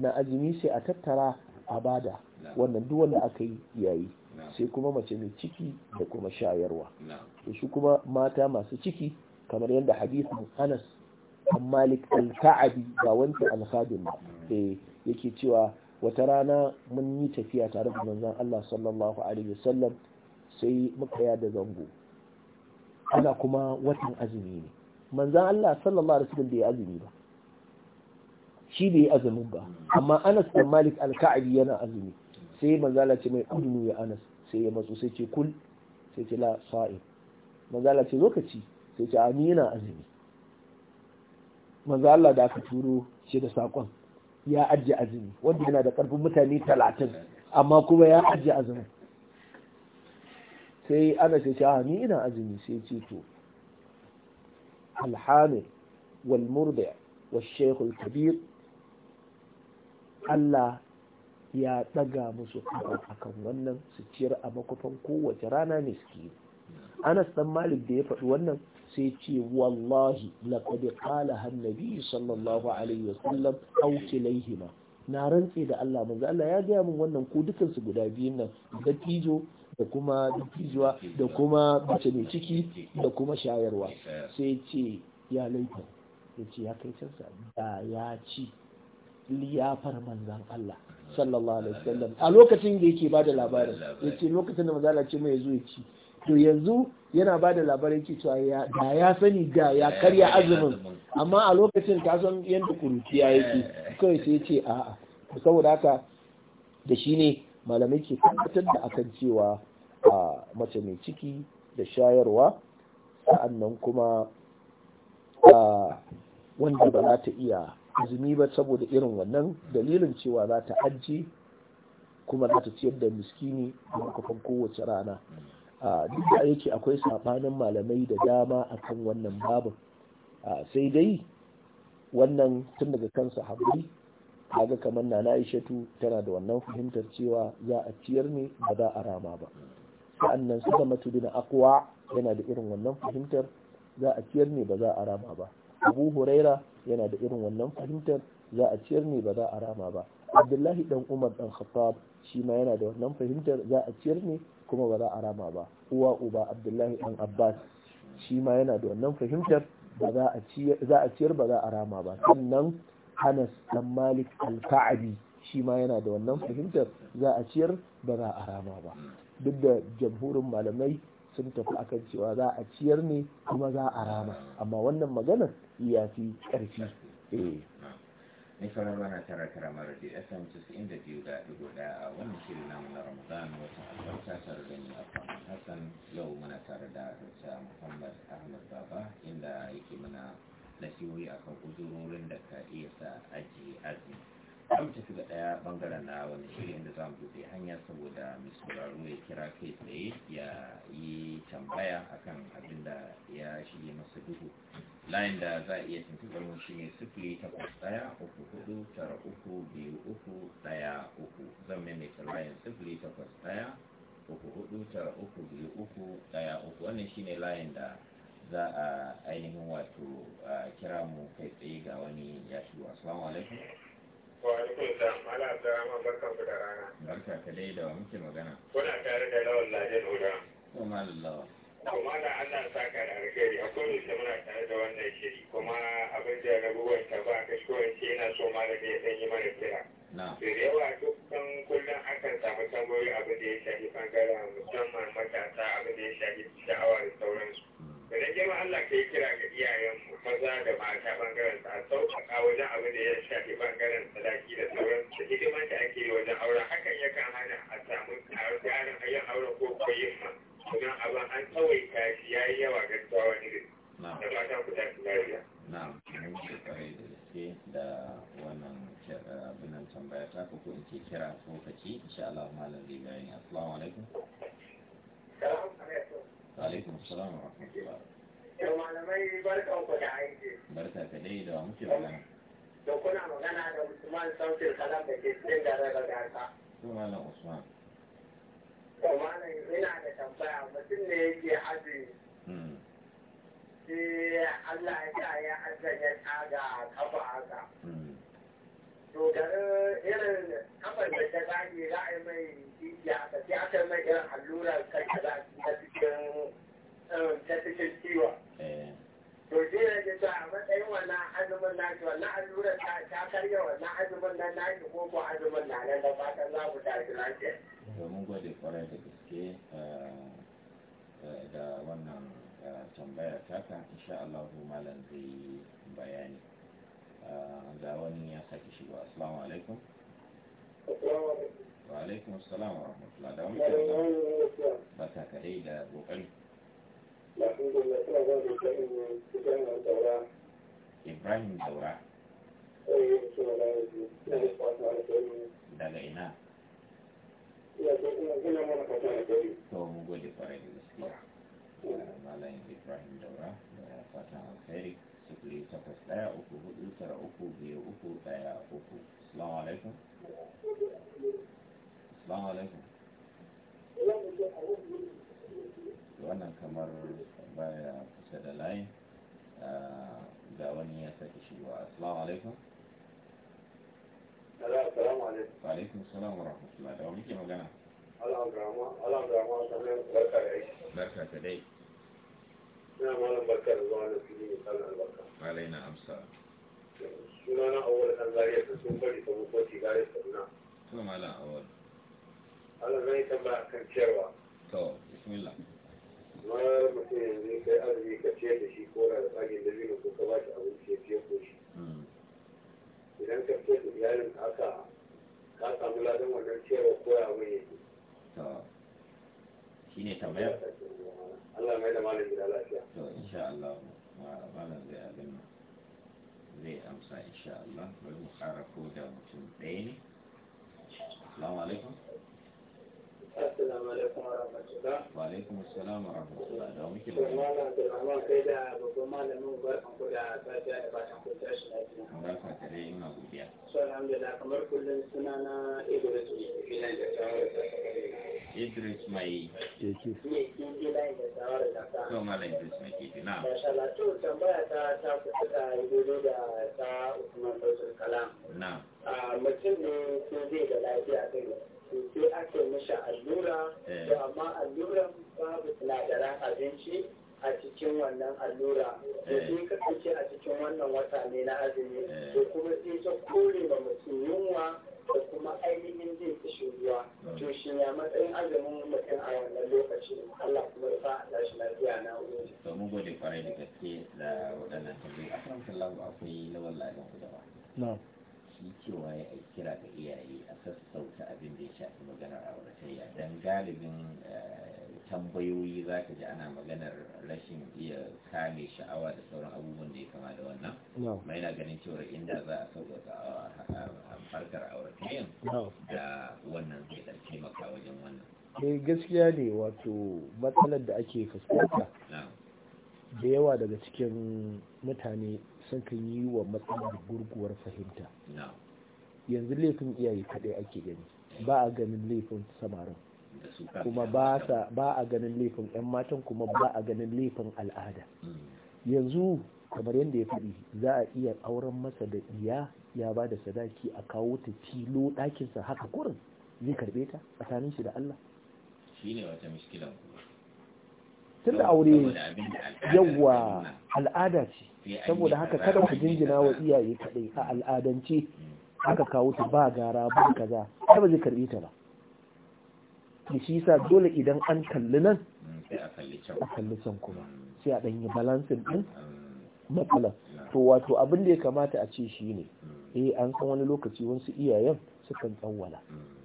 na azumi sai a tattara a bada wannan duk wanda aka yi yayi sai kuma mace mai ciki da kuma shayarwa to shi kuma mata masu ciki kamar yadda hadisin Anas an Malik al-Ka'abi ba wanda al-Khadim ba mm. eh yake cewa wata rana mun yi tafiya tare da manzon Allah sallallahu alaihi wasallam sai muka yada zango ana kuma watan azumi ne manzon Allah sallallahu alaihi wasallam bai azumi ba shi bai azumin ba mm. amma Anas bin Malik al-Ka'bi yana azumi sai manzala ce mai udunu ya anas sai ya matsu sai ce kul sai ce la sa'i manzala ce lokaci sai ce amina azumi manzala da aka turo shi da sakon ya ajiye azumi wanda yana da karfin mutane talatin amma kuma ya ajiye azumi sai ana sai ce Amina azumi sai ce to alhamil wal murda wa shaykh kabir Allah ya ɗaga musu a kan wannan su ciyar a makufan kowace rana ne yi anas dan malik da ya faɗi wannan sai ce wallahi laqad qala annabi sallallahu alaihi wasallam aw kilayhima na rantse da Allah manzo Allah ya gaya min wannan ko dukan su guda biyun nan da tijo da kuma dattijuwa da kuma bace mai ciki da kuma shayarwa sai ce ya laifin ya ce ya kai sa, da ya ci liyafar manzan Allah sallallahu alaihi wasallam a lokacin da yake bada labarin yace lokacin da manzala ce mai yazo ci to yanzu yana bada labarin yake to ya da ya sani ga ya karya azumin amma a lokacin ka san yanda kuruciya yake kai sai yace a'a saboda haka da shine malamai ke tabbatar da akan cewa a mace mai ciki da shayarwa sa'annan kuma a wanda ba za ta iya azumi ba saboda irin wannan dalilin cewa za ta ajiye kuma za ta ciyar da miskini a makafan kowace rana duk da yake akwai sabanin malamai da dama akan wannan babin sai dai wannan tun daga kansa haƙuri kaga kamar na aishatu tana da wannan fahimtar cewa za a ciyar ne ba za a rama ba sa'annan su da akwa yana da irin wannan fahimtar za a ciyar ne ba za a rama ba abu huraira yana da irin wannan fahimtar za a ciyar ne ba za a rama ba abdullahi dan umar dan khattab shi ma yana da wannan fahimtar za a ciyar ne kuma ba za a rama ba uwa uba abdullahi dan abbas shi ma yana da wannan fahimtar ba za a ciyar ba za a rama ba sannan hanas dan malik al-ka'abi shi ma yana da wannan fahimtar za a ciyar ba za a rama ba duk da jamhurin malamai sun tafi akan cewa za a ciyar ne kuma za a rama amma wannan maganar sauki ya fi ƙarfi eh mai sauran rana tara tara mara da fm biyu da dubu a wannan shirin namu na ramadan watan albarka tare da ni afan hassan yau muna tare da dr muhammad ahmad baba inda yake mana nasihohi akan kudurorin da ka iya sa aji azumi an tafi ga daya bangaren na wani shirin inda za mu buɗe hanya saboda mai sauraro ya kira kai tsaye ya yi tambaya akan abin da ya shige masa duhu layin da za a iya tuntuɓar mu shine sifili takwas ɗaya uku hudu tara uku biyu uku ɗaya uku zan maimaita layin sifili takwas ɗaya uku hudu tara uku biyu uku ɗaya uku wannan shine layin da za a ainihin wato kira mu kai tsaye ga wani ya shigo assalamu alaikum wa alaikum salam ala abdurrahman barkan ku da rana barka ka dai da muke magana kuna tare da lawan lajen huda kuma lawan amma da Allah sa ka da alheri a kowane da muna tare da wannan shiri kuma abin da rabuwar ta ba ka shi wance yana so malami ya ɗan yi mana kira. Da yawa dukkan kullum akan samu tambayoyi abin da ya shafi bangaren musamman matasa abin da ya shafi sha'awa da sauransu. Da na girma Allah ka yi kira ga iyayenmu maza da mata bangaren sa a sauƙaƙa wajen abin da ya shafi bangaren sadaki da sauransu da hidiman da ake yi wajen auren hakan yakan hana a samu ƙarin yin auren ko koyin ma. kuma abin an tsawaita shi ya yi yawa gaskiya wani ne da fata ku ta lafiya na'am mun ce kwarai da gaske da wannan abinan tambaya ta ko in ce kira ko kaci insha Allah malam zai bayani assalamu alaikum wa alaikum assalam wa rahmatullah yau malamai barka ku da aiki barka ka dai da muke magana da kuna magana da Usman Sautin Salam da ke cikin garin Gargasa. Usman. yana da tambaya mutum ne yake azumi. Hmm. Sai Allah ya sa ya azumi ya tsaga kafa haka. Hmm. To garin irin kafar da ta tsage za mai jijiya haka sai aka yi mai irin allurar kai da za a ta cikin ciwon. Eh. to sai na ji a matsayin wannan azumin na shi wannan allurar ta ta karya wannan azumin na na shi koko azumin na nan da fatan za mu tashi lafiya. domin gwada kwarai da gaske eh, eh, da wannan eh, tambaya taka insha Allah malam zai bayani ga wani ya sake shigo assalamu alaikum wa alaikum assalam wa rahmatullah da wani ba ta kare da kokari Ibrahim Daura. Daga ina? To mu gode kwarai da gaskiya. Malam Ibrahim Daura da fatan alkhairi sifili takwas ɗaya uku hudu tara uku biyu uku ɗaya uku. Assalamu alaikum. Assalamu alaikum. wannan kamar baya kusa da layi ah, ga wani ya sake shigowa assalamu alaikum assalamu alaikum alaikum salam wa rahmatullahi da wani ke magana barka da aiki. Barka ta dai ina malam barka da zuwa na fili ne kan albarka malai na amsa suna na awal kan zariya ta sun bari ta mukoci gare ta nuna to malam awal Allah zai tambaya kan cewa to bismillah amma mutum yanzu kai azumi ka ciyar da shi ko da tsagin da biyu ko ka ba shi abinci ya ko shi idan ka ciyar da iyalin haka ka samu ladan wannan ciyarwa ko ya abin yake shi ne tambayar Allah mai da malam gida lafiya to insha Allah malam zai alima zai amsa insha Allah bari mu fara ko da mutum ɗaya ne assalamu alaikum Assalamu alaikum wa rahmatullah. Wa alaikum assalam wa rahmatullah. Da wani. muke da Malam Abdulrahman kai da babban malamin barkan ku da safiya da fatan ku tashi lafiya. Barka ta dai ina godiya. So alhamdulillah kamar kullum suna na Idris Bilan da Tawar da Idris mai keke. So Malam Idris mai keke na. Masha Allah to tambaya ta ta kusa da ido da ta Usman Bashir Kalam. Na. Ah, mutum ne ko zai da lafiya kai sai ake mishi allura eh. to amma alluran babu sinadaran abinci a cikin wannan allura da sai ka kasance a cikin wannan wata ne na azumi da eh. kuma sai ta kore ma mutum yunwa da kuma ainihin jin kishin ruwa hmm. to shi ya matsayin azumin mutum a wannan lokaci Allah kuma ya sa a shi lafiya na wuri. to mun gode kwarai da gaske da waɗannan tambayoyi a kan kallon akwai na wallahi da kudawa. shi cewa ya kira ga iyaye a sassauta abin da ya shafi maganar auratayya don galibin eh, tambayoyi za ka ji ana maganar rashin iya kame sha'awa da sauran abubuwan da ya kama da wannan mai na ganin cewar inda za a sauƙaƙa eh, harkar auratayyan da wannan zai ɗan taimaka wajen wannan eh gaskiya ne wato matsalar da ake fuskanta da yawa daga cikin mutane kan yi wa matsalar gurguwar fahimta yanzu laifin iyaye kaɗai ake gani ba a ganin laifin samarin kuma ba a ganin laifin 'yan matan kuma ba a ganin laifin al'ada mm. yanzu kamar yadda ya faɗi za a iya auren masa da iya ya ba da sadaki a kawo ta tilo ɗakinsa haka kurin zai karɓe ta tsakanin shi da Allah shi ne wata mishkilan tun da aure yawa al'ada ce saboda haka kada ku jinjina wa iyaye kaɗai a al'adance aka kawo ta ba gara ba kaza ai ba zai karbi ta ba ki shi yasa dole idan an kalli nan a kalli can kuma sai a ɗan yi balansin ɗin matsala to wato abin da ya kamata a ce shi ne eh an san wani lokaci wasu iyayen sukan tsawwala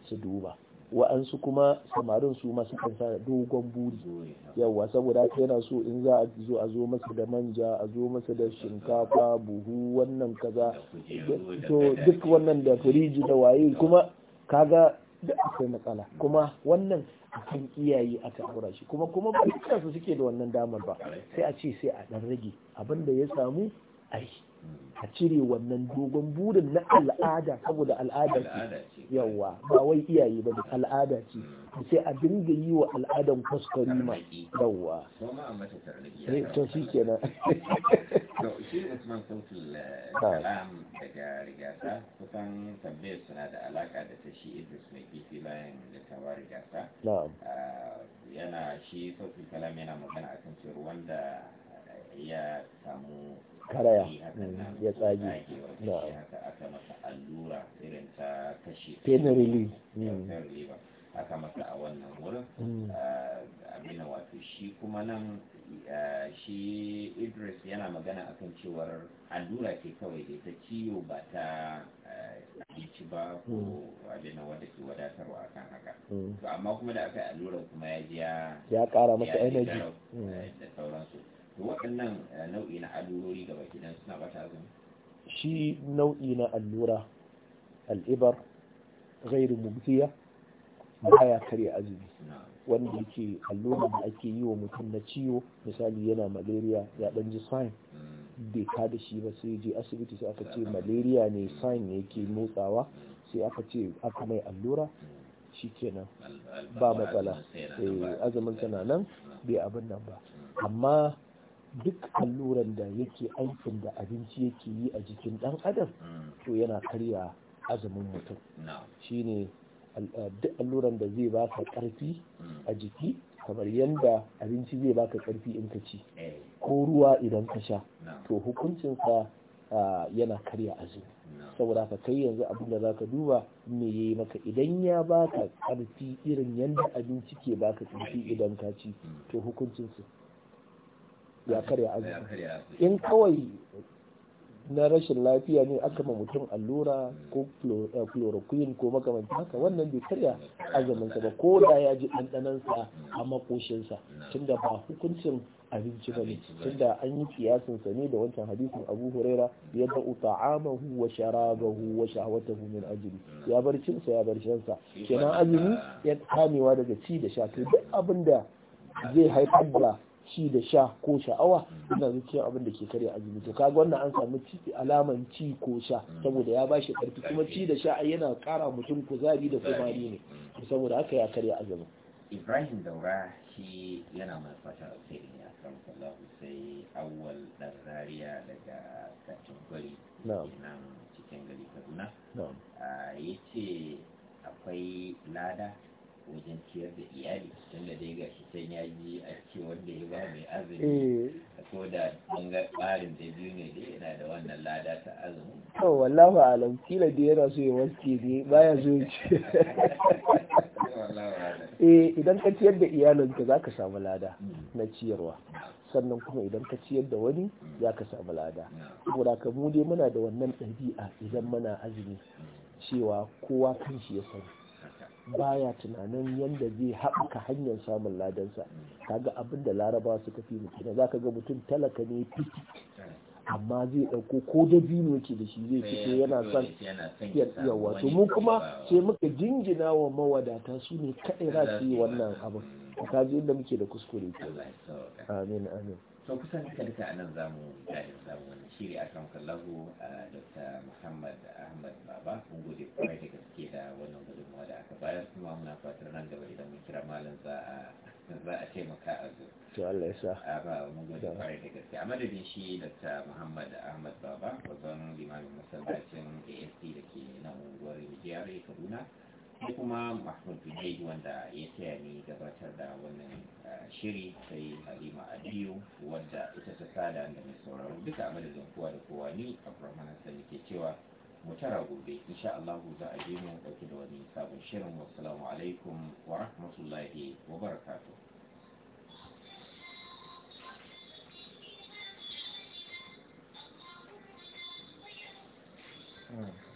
su duba wa'ansu kuma samarin su masu kansa dogon buri yawa saboda ta yana so in za a zo a zo masa da manja a zo masa da shinkafa buhu wannan kaza to duk wannan da firiji da waye kuma kaga da akwai matsala kuma wannan akan iyaye aka aura shi kuma kuma ba su suke da wannan damar ba sai a ce sai a ɗan rage abin da ya samu ai a cire wannan dogon burin na al'ada saboda al'ada ce yawa ba wai iyaye ba al'ada ce mm. sai a dinga yi wa al'adan kuskure ma yawa eh, to shi kenan shi Usman Sautul eh, ah. Kalam daga Rigasa kusan tambayar suna da alaka da ta shi Idris mai kifi bayan da tawa Rigasa ah, yana shi Sautul Kalam yana magana akan cewa wanda ya samu karaya mm, ya tsage da haka aka masa allura irin ta kashe pain relief mm. aka masa a wannan wurin mm. ah, abin wato shi kuma nan ah, shi idris yana magana akan cewar allura ce kawai da ta ciwo ba ta ah, abinci ba ko abin wadda ke wadatarwa akan haka amma kuma da aka yi allura kuma ya ji ya kara masa energy eh, da sauransu waɗannan eh, nau'i na allurori ga baki suna bata shi nau'i na allura al'ibar ghairu mubtiya baya karya azumi wanda yake allura da ake yi wa mutum na ciwo misali yana malaria ya dan ji sign mm. bai ka da shi ba sai je asibiti sai aka ce malaria ne sign yake motsawa sai aka ce aka mai allura mm. shi kenan ba matsala azumin sana nan bai abin nan ba eh, mm. amma duk alluran da yake aikin da abinci yake yi a jikin dan adam hmm. to yana karya azumin mutum shine eh, duk alluran da zai baka ƙarfi hmm. a jiki kamar yadda abinci zai baka karfi in ka ci eh. ko ruwa idan ka sha to hukuncin hukuncinsa ah, yana karya azumi saboda ka kai yanzu abin da ka duba me yayi maka idan ya baka ƙarfi irin yadda abinci ke baka karfi idan ka ci hmm. to hukuncinsu ya karya azumi in kawai na rashin lafiya ne aka ma mutum allura ko eh, chloroquine ko makamanci haka wannan bai karya azuminsa ba ko da ya ji ɗanɗanansa a makoshinsa tunda ba hukuncin abinci ba ne tunda an yi kiyasinsa ne da wancan hadisin abu huraira ya uta amahu wa sharabahu wa shahawatahu min ajli ya bar cinsa ya bar shansa kenan azumi ya kamewa daga ci da sha to duk abin da zai haifar da ci da sha ko sha'awa ina zuci abin da ke karya azumi to ga wannan an samu alaman ci ko sha saboda ya bashi karfi kuma ci da sha yana kara mutum kuzari da kumari ne saboda haka ya karya azumi Ibrahim Daura shi yana mai fata sai ne kan sallahu sai awwal dan rariya daga kacin gari nan cikin gari Kaduna ah, ya ce akwai lada wajen ciyar da iyali tunda dai ga shi can ya yi a ce wanda ya ba mai azumi eh. ko da ɓarin da biyu ne dai yana da wannan lada ta azumi to wallahu alam kila da yana so ya wanke ne baya zo ya ce eh idan ka ciyar da iyalinka za ka samu lada hmm. na ciyarwa sannan kuma idan ka ciyar da wani hmm. za ka samu lada hmm. saboda ka mu dai muna da wannan ɗabi'a idan muna azumi cewa kowa kan shi ya sani baya tunanin yadda zai haɓaka hanyar samun ladansa kaga abin da laraba suka fi mu za ka ga mutum talaka ne fiti amma zai ɗauko ko da biyu yake da shi zai fito yana son yawa wato mu kuma sai muka jingina wa mawadata su ne kaɗai za su yi wannan abin a kaji inda muke da kuskure ke amin amin bayan kuma muna fatar nan gaba idan mun kira malam za a za a taimaka a zo to Allah ya sa a ba mu gode kwarai da gaske a madadin shi ta Muhammad Ahmad Baba babban limamin masallacin AST da ke na unguwar Jihar Kaduna ko kuma mahmud junaid wanda ya taya ni gabatar da wannan shiri sai halima adiyu wanda ita ta sada da mai sauraro duka a madadin kowa da kowa ni abu rahman hassan ke cewa mu tara gobe insha Allah za a je mu dauke da wani sabon shirin wassalamu alaikum wa rahmatullahi wa barakatuh hmm